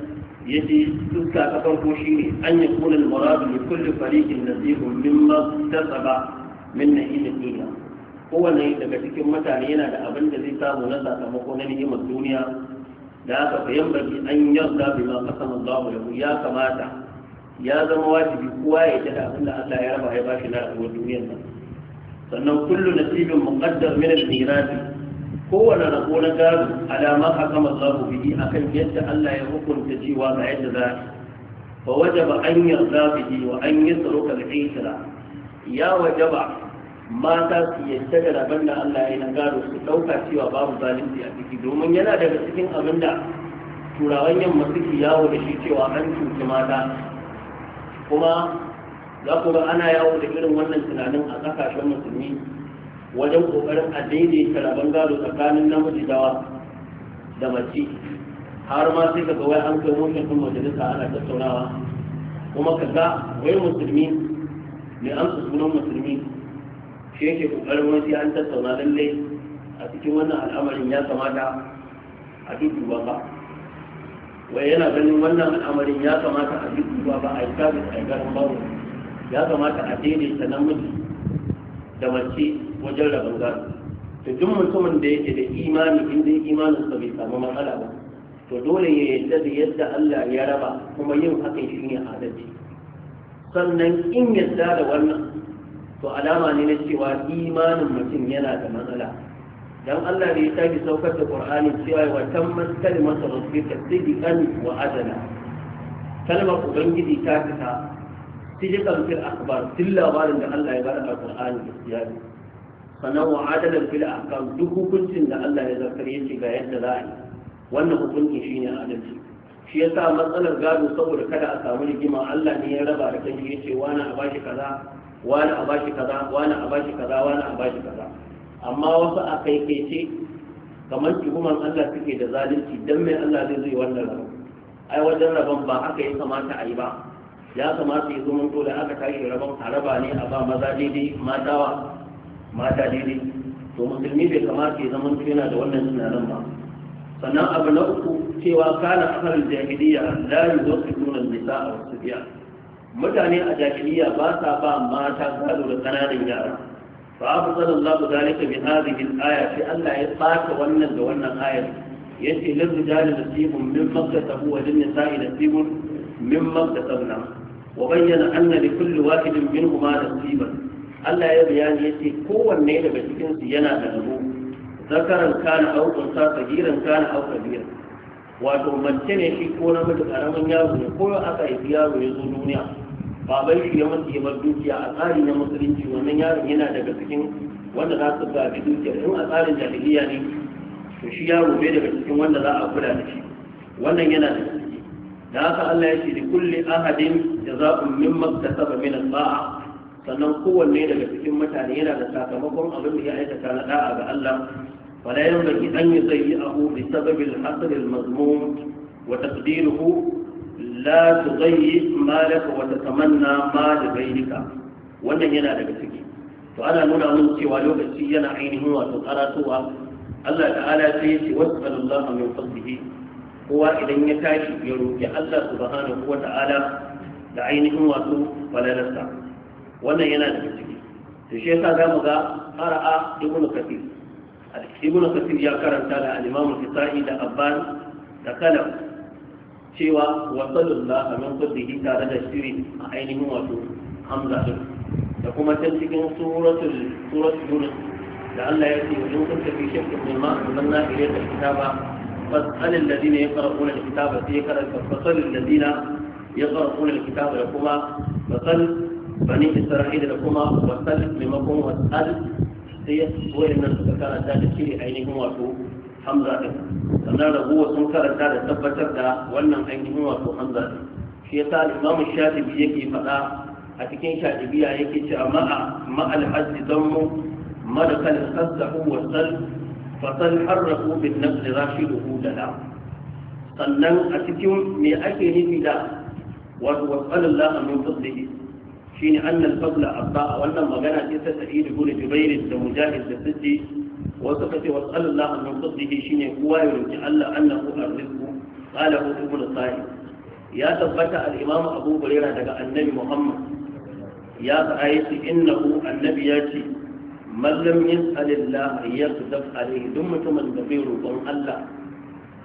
yace fuska ta farko ne. an ya kuna al-murad li kulli fariqin nasibun mimma tasaba min na'im dunya Kowane daga cikin mutane yana da abin da zai samu na sakamako na ni'imar duniya da haka bayan baki an yarda bi ma kasan Allah lahu ya kamata ya zama wajibi kowa ya tada abin da Allah ya raba ya bashi na rayuwar duniyar nan sannan kullu nasibin muqaddar min al-miras kowane rabo na gado alama hakama Allah bihi akan yadda Allah ya hukunta cewa ga yadda za fa wajaba an yarda bihi wa an tsaro al-isra ya wajaba mata su yadda da rabon da Allah ya yi na gado su ɗauka cewa babu zalunci a ciki domin yana daga cikin abin da turawan yamma suke yawo da shi cewa an cuci mata kuma za ku ga ana yawo da irin wannan tunanin a ƙasashen musulmi wajen ƙoƙarin a daidaita rabon gado tsakanin namiji dawa da mace har ma sai ka ga wai an kai motsa ɗin majalisa ana tattaunawa kuma ka ga wai musulmi mai amsa sunan musulmi shi yake kokarin wani an tattauna lallai a cikin wannan al'amarin ya kamata a dudduba ba wai yana ganin wannan al'amarin ya kamata a dudduba ba a yi sabis a yi garin bawo ya kamata a daidaita namiji da mace wajen rabin gado to duk mutumin da yake da imani inda imaninsa bai samu matsala ba to dole ya yadda da yadda Allah ya raba kuma yin hakan shi ne adalci sannan in yadda da wannan to alama ne na cewa imanin mutum yana da matsala dan Allah ne ya tafi saukar da Qur'ani cewa wa tammat kalimatu rabbika sidqan wa adala kalmar ubangiji ta fita sidqan fil akhbar duk labarin da Allah ya bar a Qur'ani gaskiya ne sannan wa adalan fil ahkam duk hukuncin da Allah ya zartar yace ga yadda za a yi wannan hukuncin shine adalci shi yasa matsalar gado saboda kada a samu rigima Allah ne ya raba da kanshi yace wani a bashi kaza wani a bashi kaza wani a bashi kaza wani a bashi kaza amma wasu a kai kai ce kamar tuhuman Allah suke da zalunci dan mai Allah zai zai wannan rabo ai wajen rabon ba haka ya kamata a yi ba ya kamata ya zama dole aka tashi rabon haraba ne a ba maza daidai matawa mata daidai to musulmi bai kamata ya zama yana da wannan tunanin ba sannan abu na uku cewa kana ahlul jahiliya la yuzakkuna an-nisaa wa mutane a jahiliya ba sa ba mata gado da kananan yara fa afdal Allah zalika bi hadhihi al-aya fi Allah ya tsaka wannan da wannan ayar yace lil rijali nasibun min makka maktasabu wa lin nisa'i nasibun min makka maktasabna wa bayyana anna li kulli wahidin minhuma nasiban Allah ya bayani yace kowanne daga cikin su yana da rabo zakaran kana aw unsa sagiran kana aw kabiran wato mace ne shi ko namiji karamin yaro ne ko aka yi yaro ya zo duniya baban shi ya masa yamar dukiya a tsari na musulunci wannan yaron yana daga cikin wanda za su gaji dukiya in a tsarin jahiliya ne to shi yaro bai daga cikin wanda za a kula da shi wannan yana da ciki da haka Allah ya ce li kulli ahadin da za kasaba min al-ba'a sannan kowanne daga cikin mutane yana da sakamakon abin da ya aikata na da'a ga Allah wala yanbaghi an yuzayyi ahu bi sababil hasr al-mazmum wa taqdiruhu la tughayyi malaka wa tatamanna ma da ghayrika wannan yana daga ciki to ana nuna mun cewa lokaci yana ainihin wato karatuwa Allah ta'ala sai ya ce was'alullahu min fadlihi kowa idan ya tashi ya roki Allah subhanahu wa ta'ala da ainihin wato falalarsa wannan yana daga ciki to shi yasa zamu ga qara'a ibnu kathir ibnu kathir ya karanta da al-imam al-kisai da abban da kalam cewa wasalun na kamin fasihi tare da shiri a ainihin wato hamza din da kuma ta cikin suratul suratul yunus da Allah ya ce wajen tafi kunta fi shakkin min ma anzalna ilayka alkitaba fas'al alladhina yaqra'una alkitaba sai karanta fasal ya fara alkitaba da da kuma fasal bani isra'ila da kuma wasal maimakon wasal sai ya wayannan suka karanta da shiri ainihin wato hamza din sannan raguwa sun karanta da tabbatar da wannan ainihin wato hamza din shi yasa al-imamu shafi'i yake faɗa a cikin shafibiya yake cewa ma'a ma'al hajji zammu malakal hasdahu wa sal fasal sal harrahu bin nafsi rashiduhu dala sannan a cikin me ake nufi da wato wasallallahu min fadlihi shine annal fadla abba wannan magana ce ta sa'idu bin jubair da mujahid da siddi wasu kace wa sallallahu min fadlihi shine kowa ya roki Allah annahu arrizqu qala hu ibn sa'i ya tabbata al-imam Abu Hurairah daga annabi Muhammad ya faɗa yace innahu annabi ya ce man lam yas'alillah yaqdab alayhi duk mutumin da bai roƙon Allah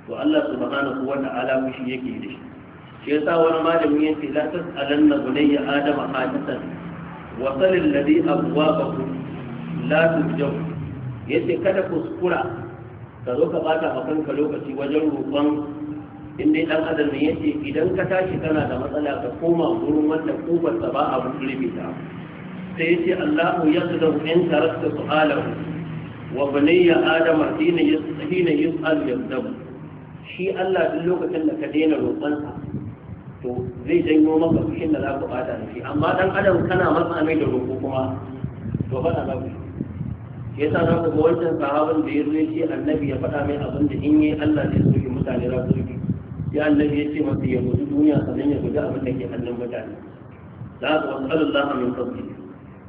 to Allah subhanahu wa ta'ala mushi yake da shi shi yasa wani malami ya ce la tas'alanna bunayya adama hadithan wa salil ladhi abwabahu la tujaww Ya ce kada kuskura ka zo ka bata a kanka lokaci wajen roƙon in dai dan adam ne ce idan ka tashi kana da matsala ka koma gurin wanda kofar ta ba a musulmi ta sai ya ce Allahu yaqdaru in tarakta su'alahu wa ya adama hina yin yus'al yaqdaru shi Allah duk lokacin da ka daina roƙonsa to zai janyo maka fushin da za ku bata da shi amma dan adam kana matsa mai da roƙo kuma to faɗa za ku ya sa za ku ga wancan sahaban da ya zo ya ce annabi ya faɗa mai abin da in yi Allah zai soke mutane za su rufe ya annabi ya ce masa ya guji duniya sannan ya guji abin da ke hannun mutane za ku wasu Allah min sauki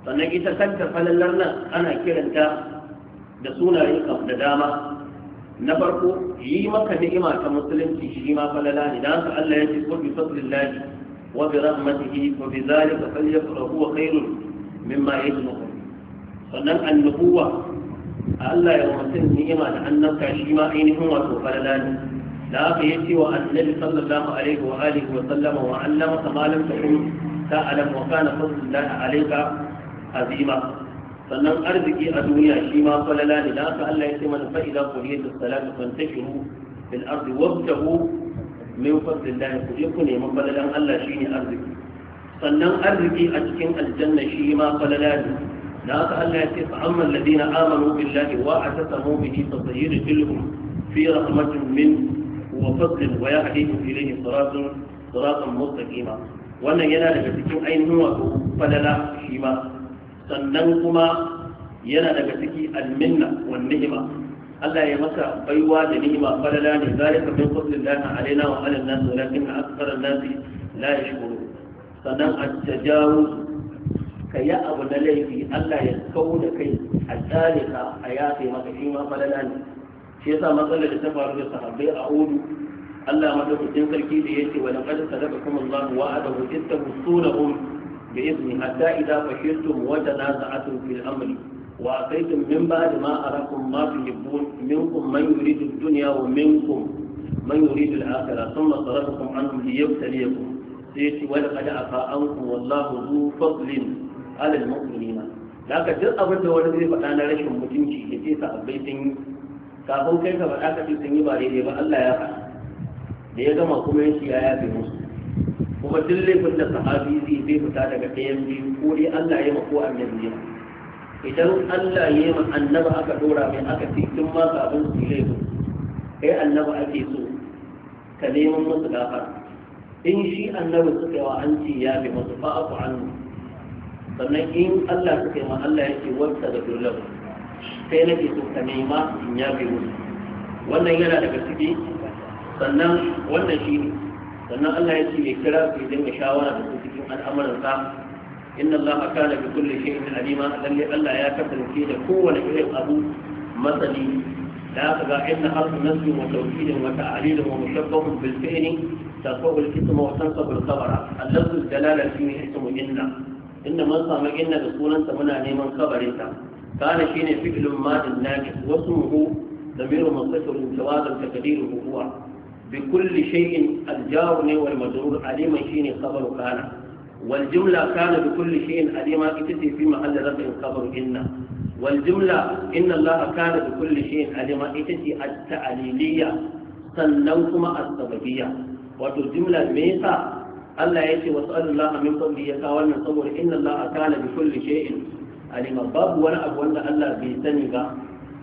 sannan ita kanta falalar nan ana kiranta da sunayen sunaye da dama na farko yi maka ni'ima ta musulunci shi ma falala ne da Allah ya ce kulli fadlillahi wa bi rahmatihi wa bi zalika falyafrahu wa khairun mimma yajma'un sannan annabuwa Allah ya mutum ni'ima da annabta shi ma ainihin wato falala ne da aka yi cewa annabi sallallahu alaihi wa alihi wa sallama wa allama kama lam takun ta'lam wa kana fadlullahi alayka azima sannan arziki a duniya shi ma falala ne da aka Allah ya ce mana fa idza quliyat as-salatu shiru fil ardi wabtahu min fadlillahi ku je ku nemi falalan Allah shi ne arziki sannan arziki a cikin aljanna shi ma falala ne da haka Allah ya ce fa amma alladina amanu billahi wa atasamu bihi fa sayyidu fi rahmatin min wa fadlin wa yahdihim ilayhi siratun siratun mustaqima wannan yana daga cikin ainihin wato falala shi ma sannan kuma yana daga ciki alminna wa ni'ima Allah ya maka baiwa da ni'ima falala ne zalika min fadlillahi alaina wa ala an-nas walakin aktsara an-nas la yashkurun sannan at-tajawuz ka yi abu na laifi Allah ya kawo da kai a tsare ka a yafe maka shi ma falala ne shi yasa matsalar da ta faru da sahabbai a hudu Allah madaukakin sarki da Wani kuma yace wa laqad sadaqakum Allah wa'adahu ittabusunahum bi izni hatta idza fashiltum wa tanaza'tum fil amri wa ataytum min ba ba'di ma arakum ma tuhibbun minkum man yuridu ad duniya wa min minkum man yuridu al-akhirah thumma sarafakum anhum liyabtaliyakum sai yace wa laqad afa ankum wallahu dhu fadlin alal mu'minina da ka duk abin da wani zai faɗa na rashin mutunci ya ce sahabbai sun yi kafin kai ka faɗa ka sun yi ba daidai ba Allah ya faɗa da ya gama kuma ya ya yafe musu kuma duk laifin da sahabi zai zai fita daga ɗayan biyu ko dai Allah ya ma ko annabi ya idan Allah ya ma annaba aka dora mai aka ce tun ma abin su laifin kai annaba ake so ka neman masu gafara in shi annabi suka yi wa an ce ya bi musu fa'afu annu sannan in Allah suka yi ma Allah yake wanta da dullar sai nake so ka nema in yafe musu wannan yana daga ciki sannan wannan shi ne sannan Allah ya ce mai kira su idan ya shawara da su cikin al'amuran sa inna Allah kana bi kulli shay'in alima lalle Allah ya kasance da kowane irin abu masani da aka ga inna harfu nasbi wa tawkidin wa ta'lilin wa mushabbahun bil fi'li taqwa al-kitma wa tansabu al-khabara al-lafz dalala fi ismu inna inda mun samu inna da sunanta muna neman kabarinta kana shine fi'lun madin naqis wasu hu damiru mustaqbalun jawazan taqdiru huwa bi kulli shay'in al-jar ni wal majrur alima shine khabaru kana wal jumla kana bi kulli shay'in alima kitati fi mahall rafin khabaru inna wal jumla inna allaha kana bi kulli shay'in alima kitati at-ta'liliya sannan kuma as-sababiyya wato jumla me yasa Allah ya ce wasu Allah min fadli ya kawo wannan saboda inna Allah kana bi kulli shay'in alima babu wani abu wanda Allah bai sani ba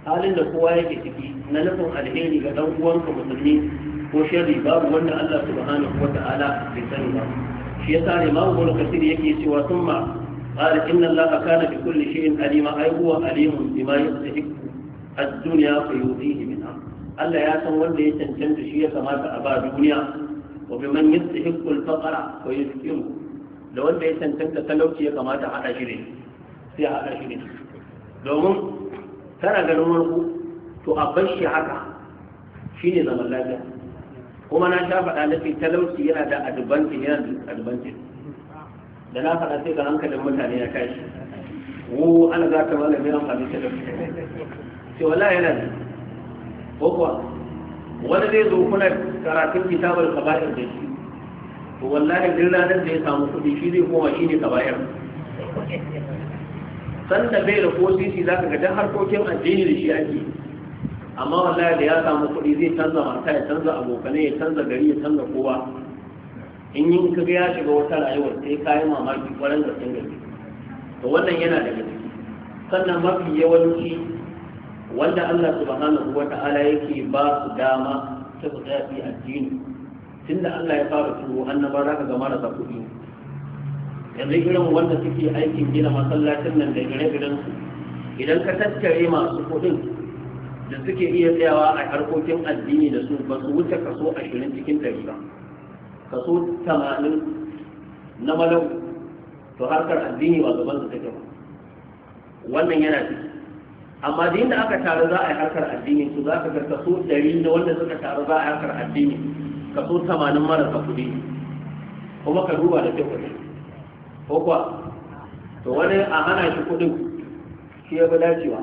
halin da kowa yake ciki na nufin alheri ga dan uwanka musulmi ko sharri babu wanda Allah subhanahu wa ta'ala bai sani ba shi yasa ne ma wani kasir yake cewa thumma qala inna Allah kana bi kulli shay'in alima ay huwa alimun bima yastahiqu ad-dunya fa yutihi minha Allah ya san wanda ya cancanta shi ya kamata a ba duniya wa biman yastahiqqu al-faqra wa yusqimu da wanda ya talauci ya kamata hada shi ne sai a hada shi ne domin tana to a bar shi haka shine zaman lafiya kuma na sha faɗa na talauci yana da advantage yana da da na faɗa sai ga hankalin mutane ya tashi wo ana malamin amfani sai wala yana ko wani zai zo kuna karatun kitabar kaba'ir da shi to wallahi duk ranar da ya samu kuɗi shi zai koma shi ne kaba'ir san da bai da kosisi za ka ga harkokin addini da shi ake amma wallahi da ya samu kuɗi zai canza mata ya canza abokanai ya canza gari ya canza kowa in yi ka ga ya shiga wata rayuwar sai ka yi mamaki kwarin da sun gari to wannan yana daga ciki sannan mafi yawanci wanda Allah subhanahu wa ta'ala yake ba su dama ta su tsaya addini tunda Allah ya fara turo annaba za ka ga marasa kuɗi yanzu irin wanda suke aikin gina masallacin nan da ire-iren su idan ka tattare masu kuɗin da suke iya tsayawa a harkokin addini da su ba su wuce kaso ashirin cikin ɗari ba kaso tamanin na malau to harkar addini ba gaban su take ba wannan yana ciki amma da yadda aka taru za a yi harkar addini to za ka ga so ɗari da wanda suka taru za a yi harkar addini kaso tamanin marasa kuɗi kuma ka duba da kyau kuɗi ko kuwa to wani a hana shi kuɗin shi ya fi dacewa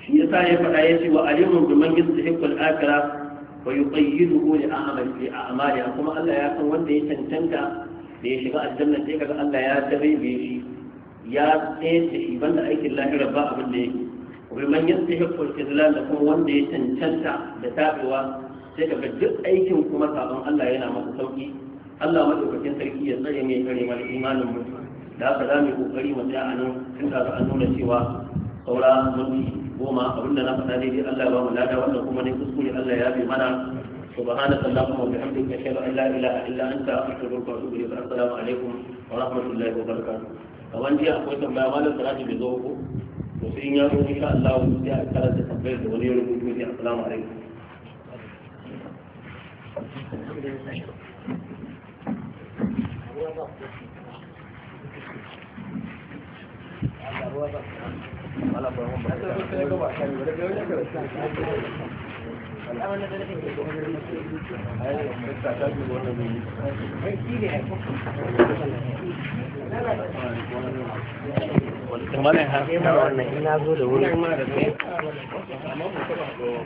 shi ya sa ya faɗa ya ce wa alimun biman yin sihikkul akira ba yi ƙayyidu ko ne a a amaliya kuma Allah ya san wanda ya cancanta da ya shiga aljanna sai kaga Allah ya tabe shi ya tsayar da shi banda aikin lahira ba abin da yake wai man yadda ya fulke da kuma wanda ya cancanta da tabewa sai kaga duk aikin kuma sabon Allah yana masa sauki Allah madaukakin sarki ya tsare mai kare mana imanin mu da haka za mu yi kokari mu tsaya a nan tun da an nuna cewa saura mulki goma abinda na faɗa daidai Allah ba mu lada wanda kuma ne kuskure Allah ya bi mana سبحانك اللهم وبحمدك اشهد ان لا اله الا انت استغفرك واتوب اليك السلام عليكم ورحمه الله وبركاته kamar jiya akwai tambaya malam salatu bai zo ko to sai in ya zo insha Allah sai a karanta tambayar da wani ya rubuto ne assalamu alaikum Thank you. Kamar ne ha? Ina wannan da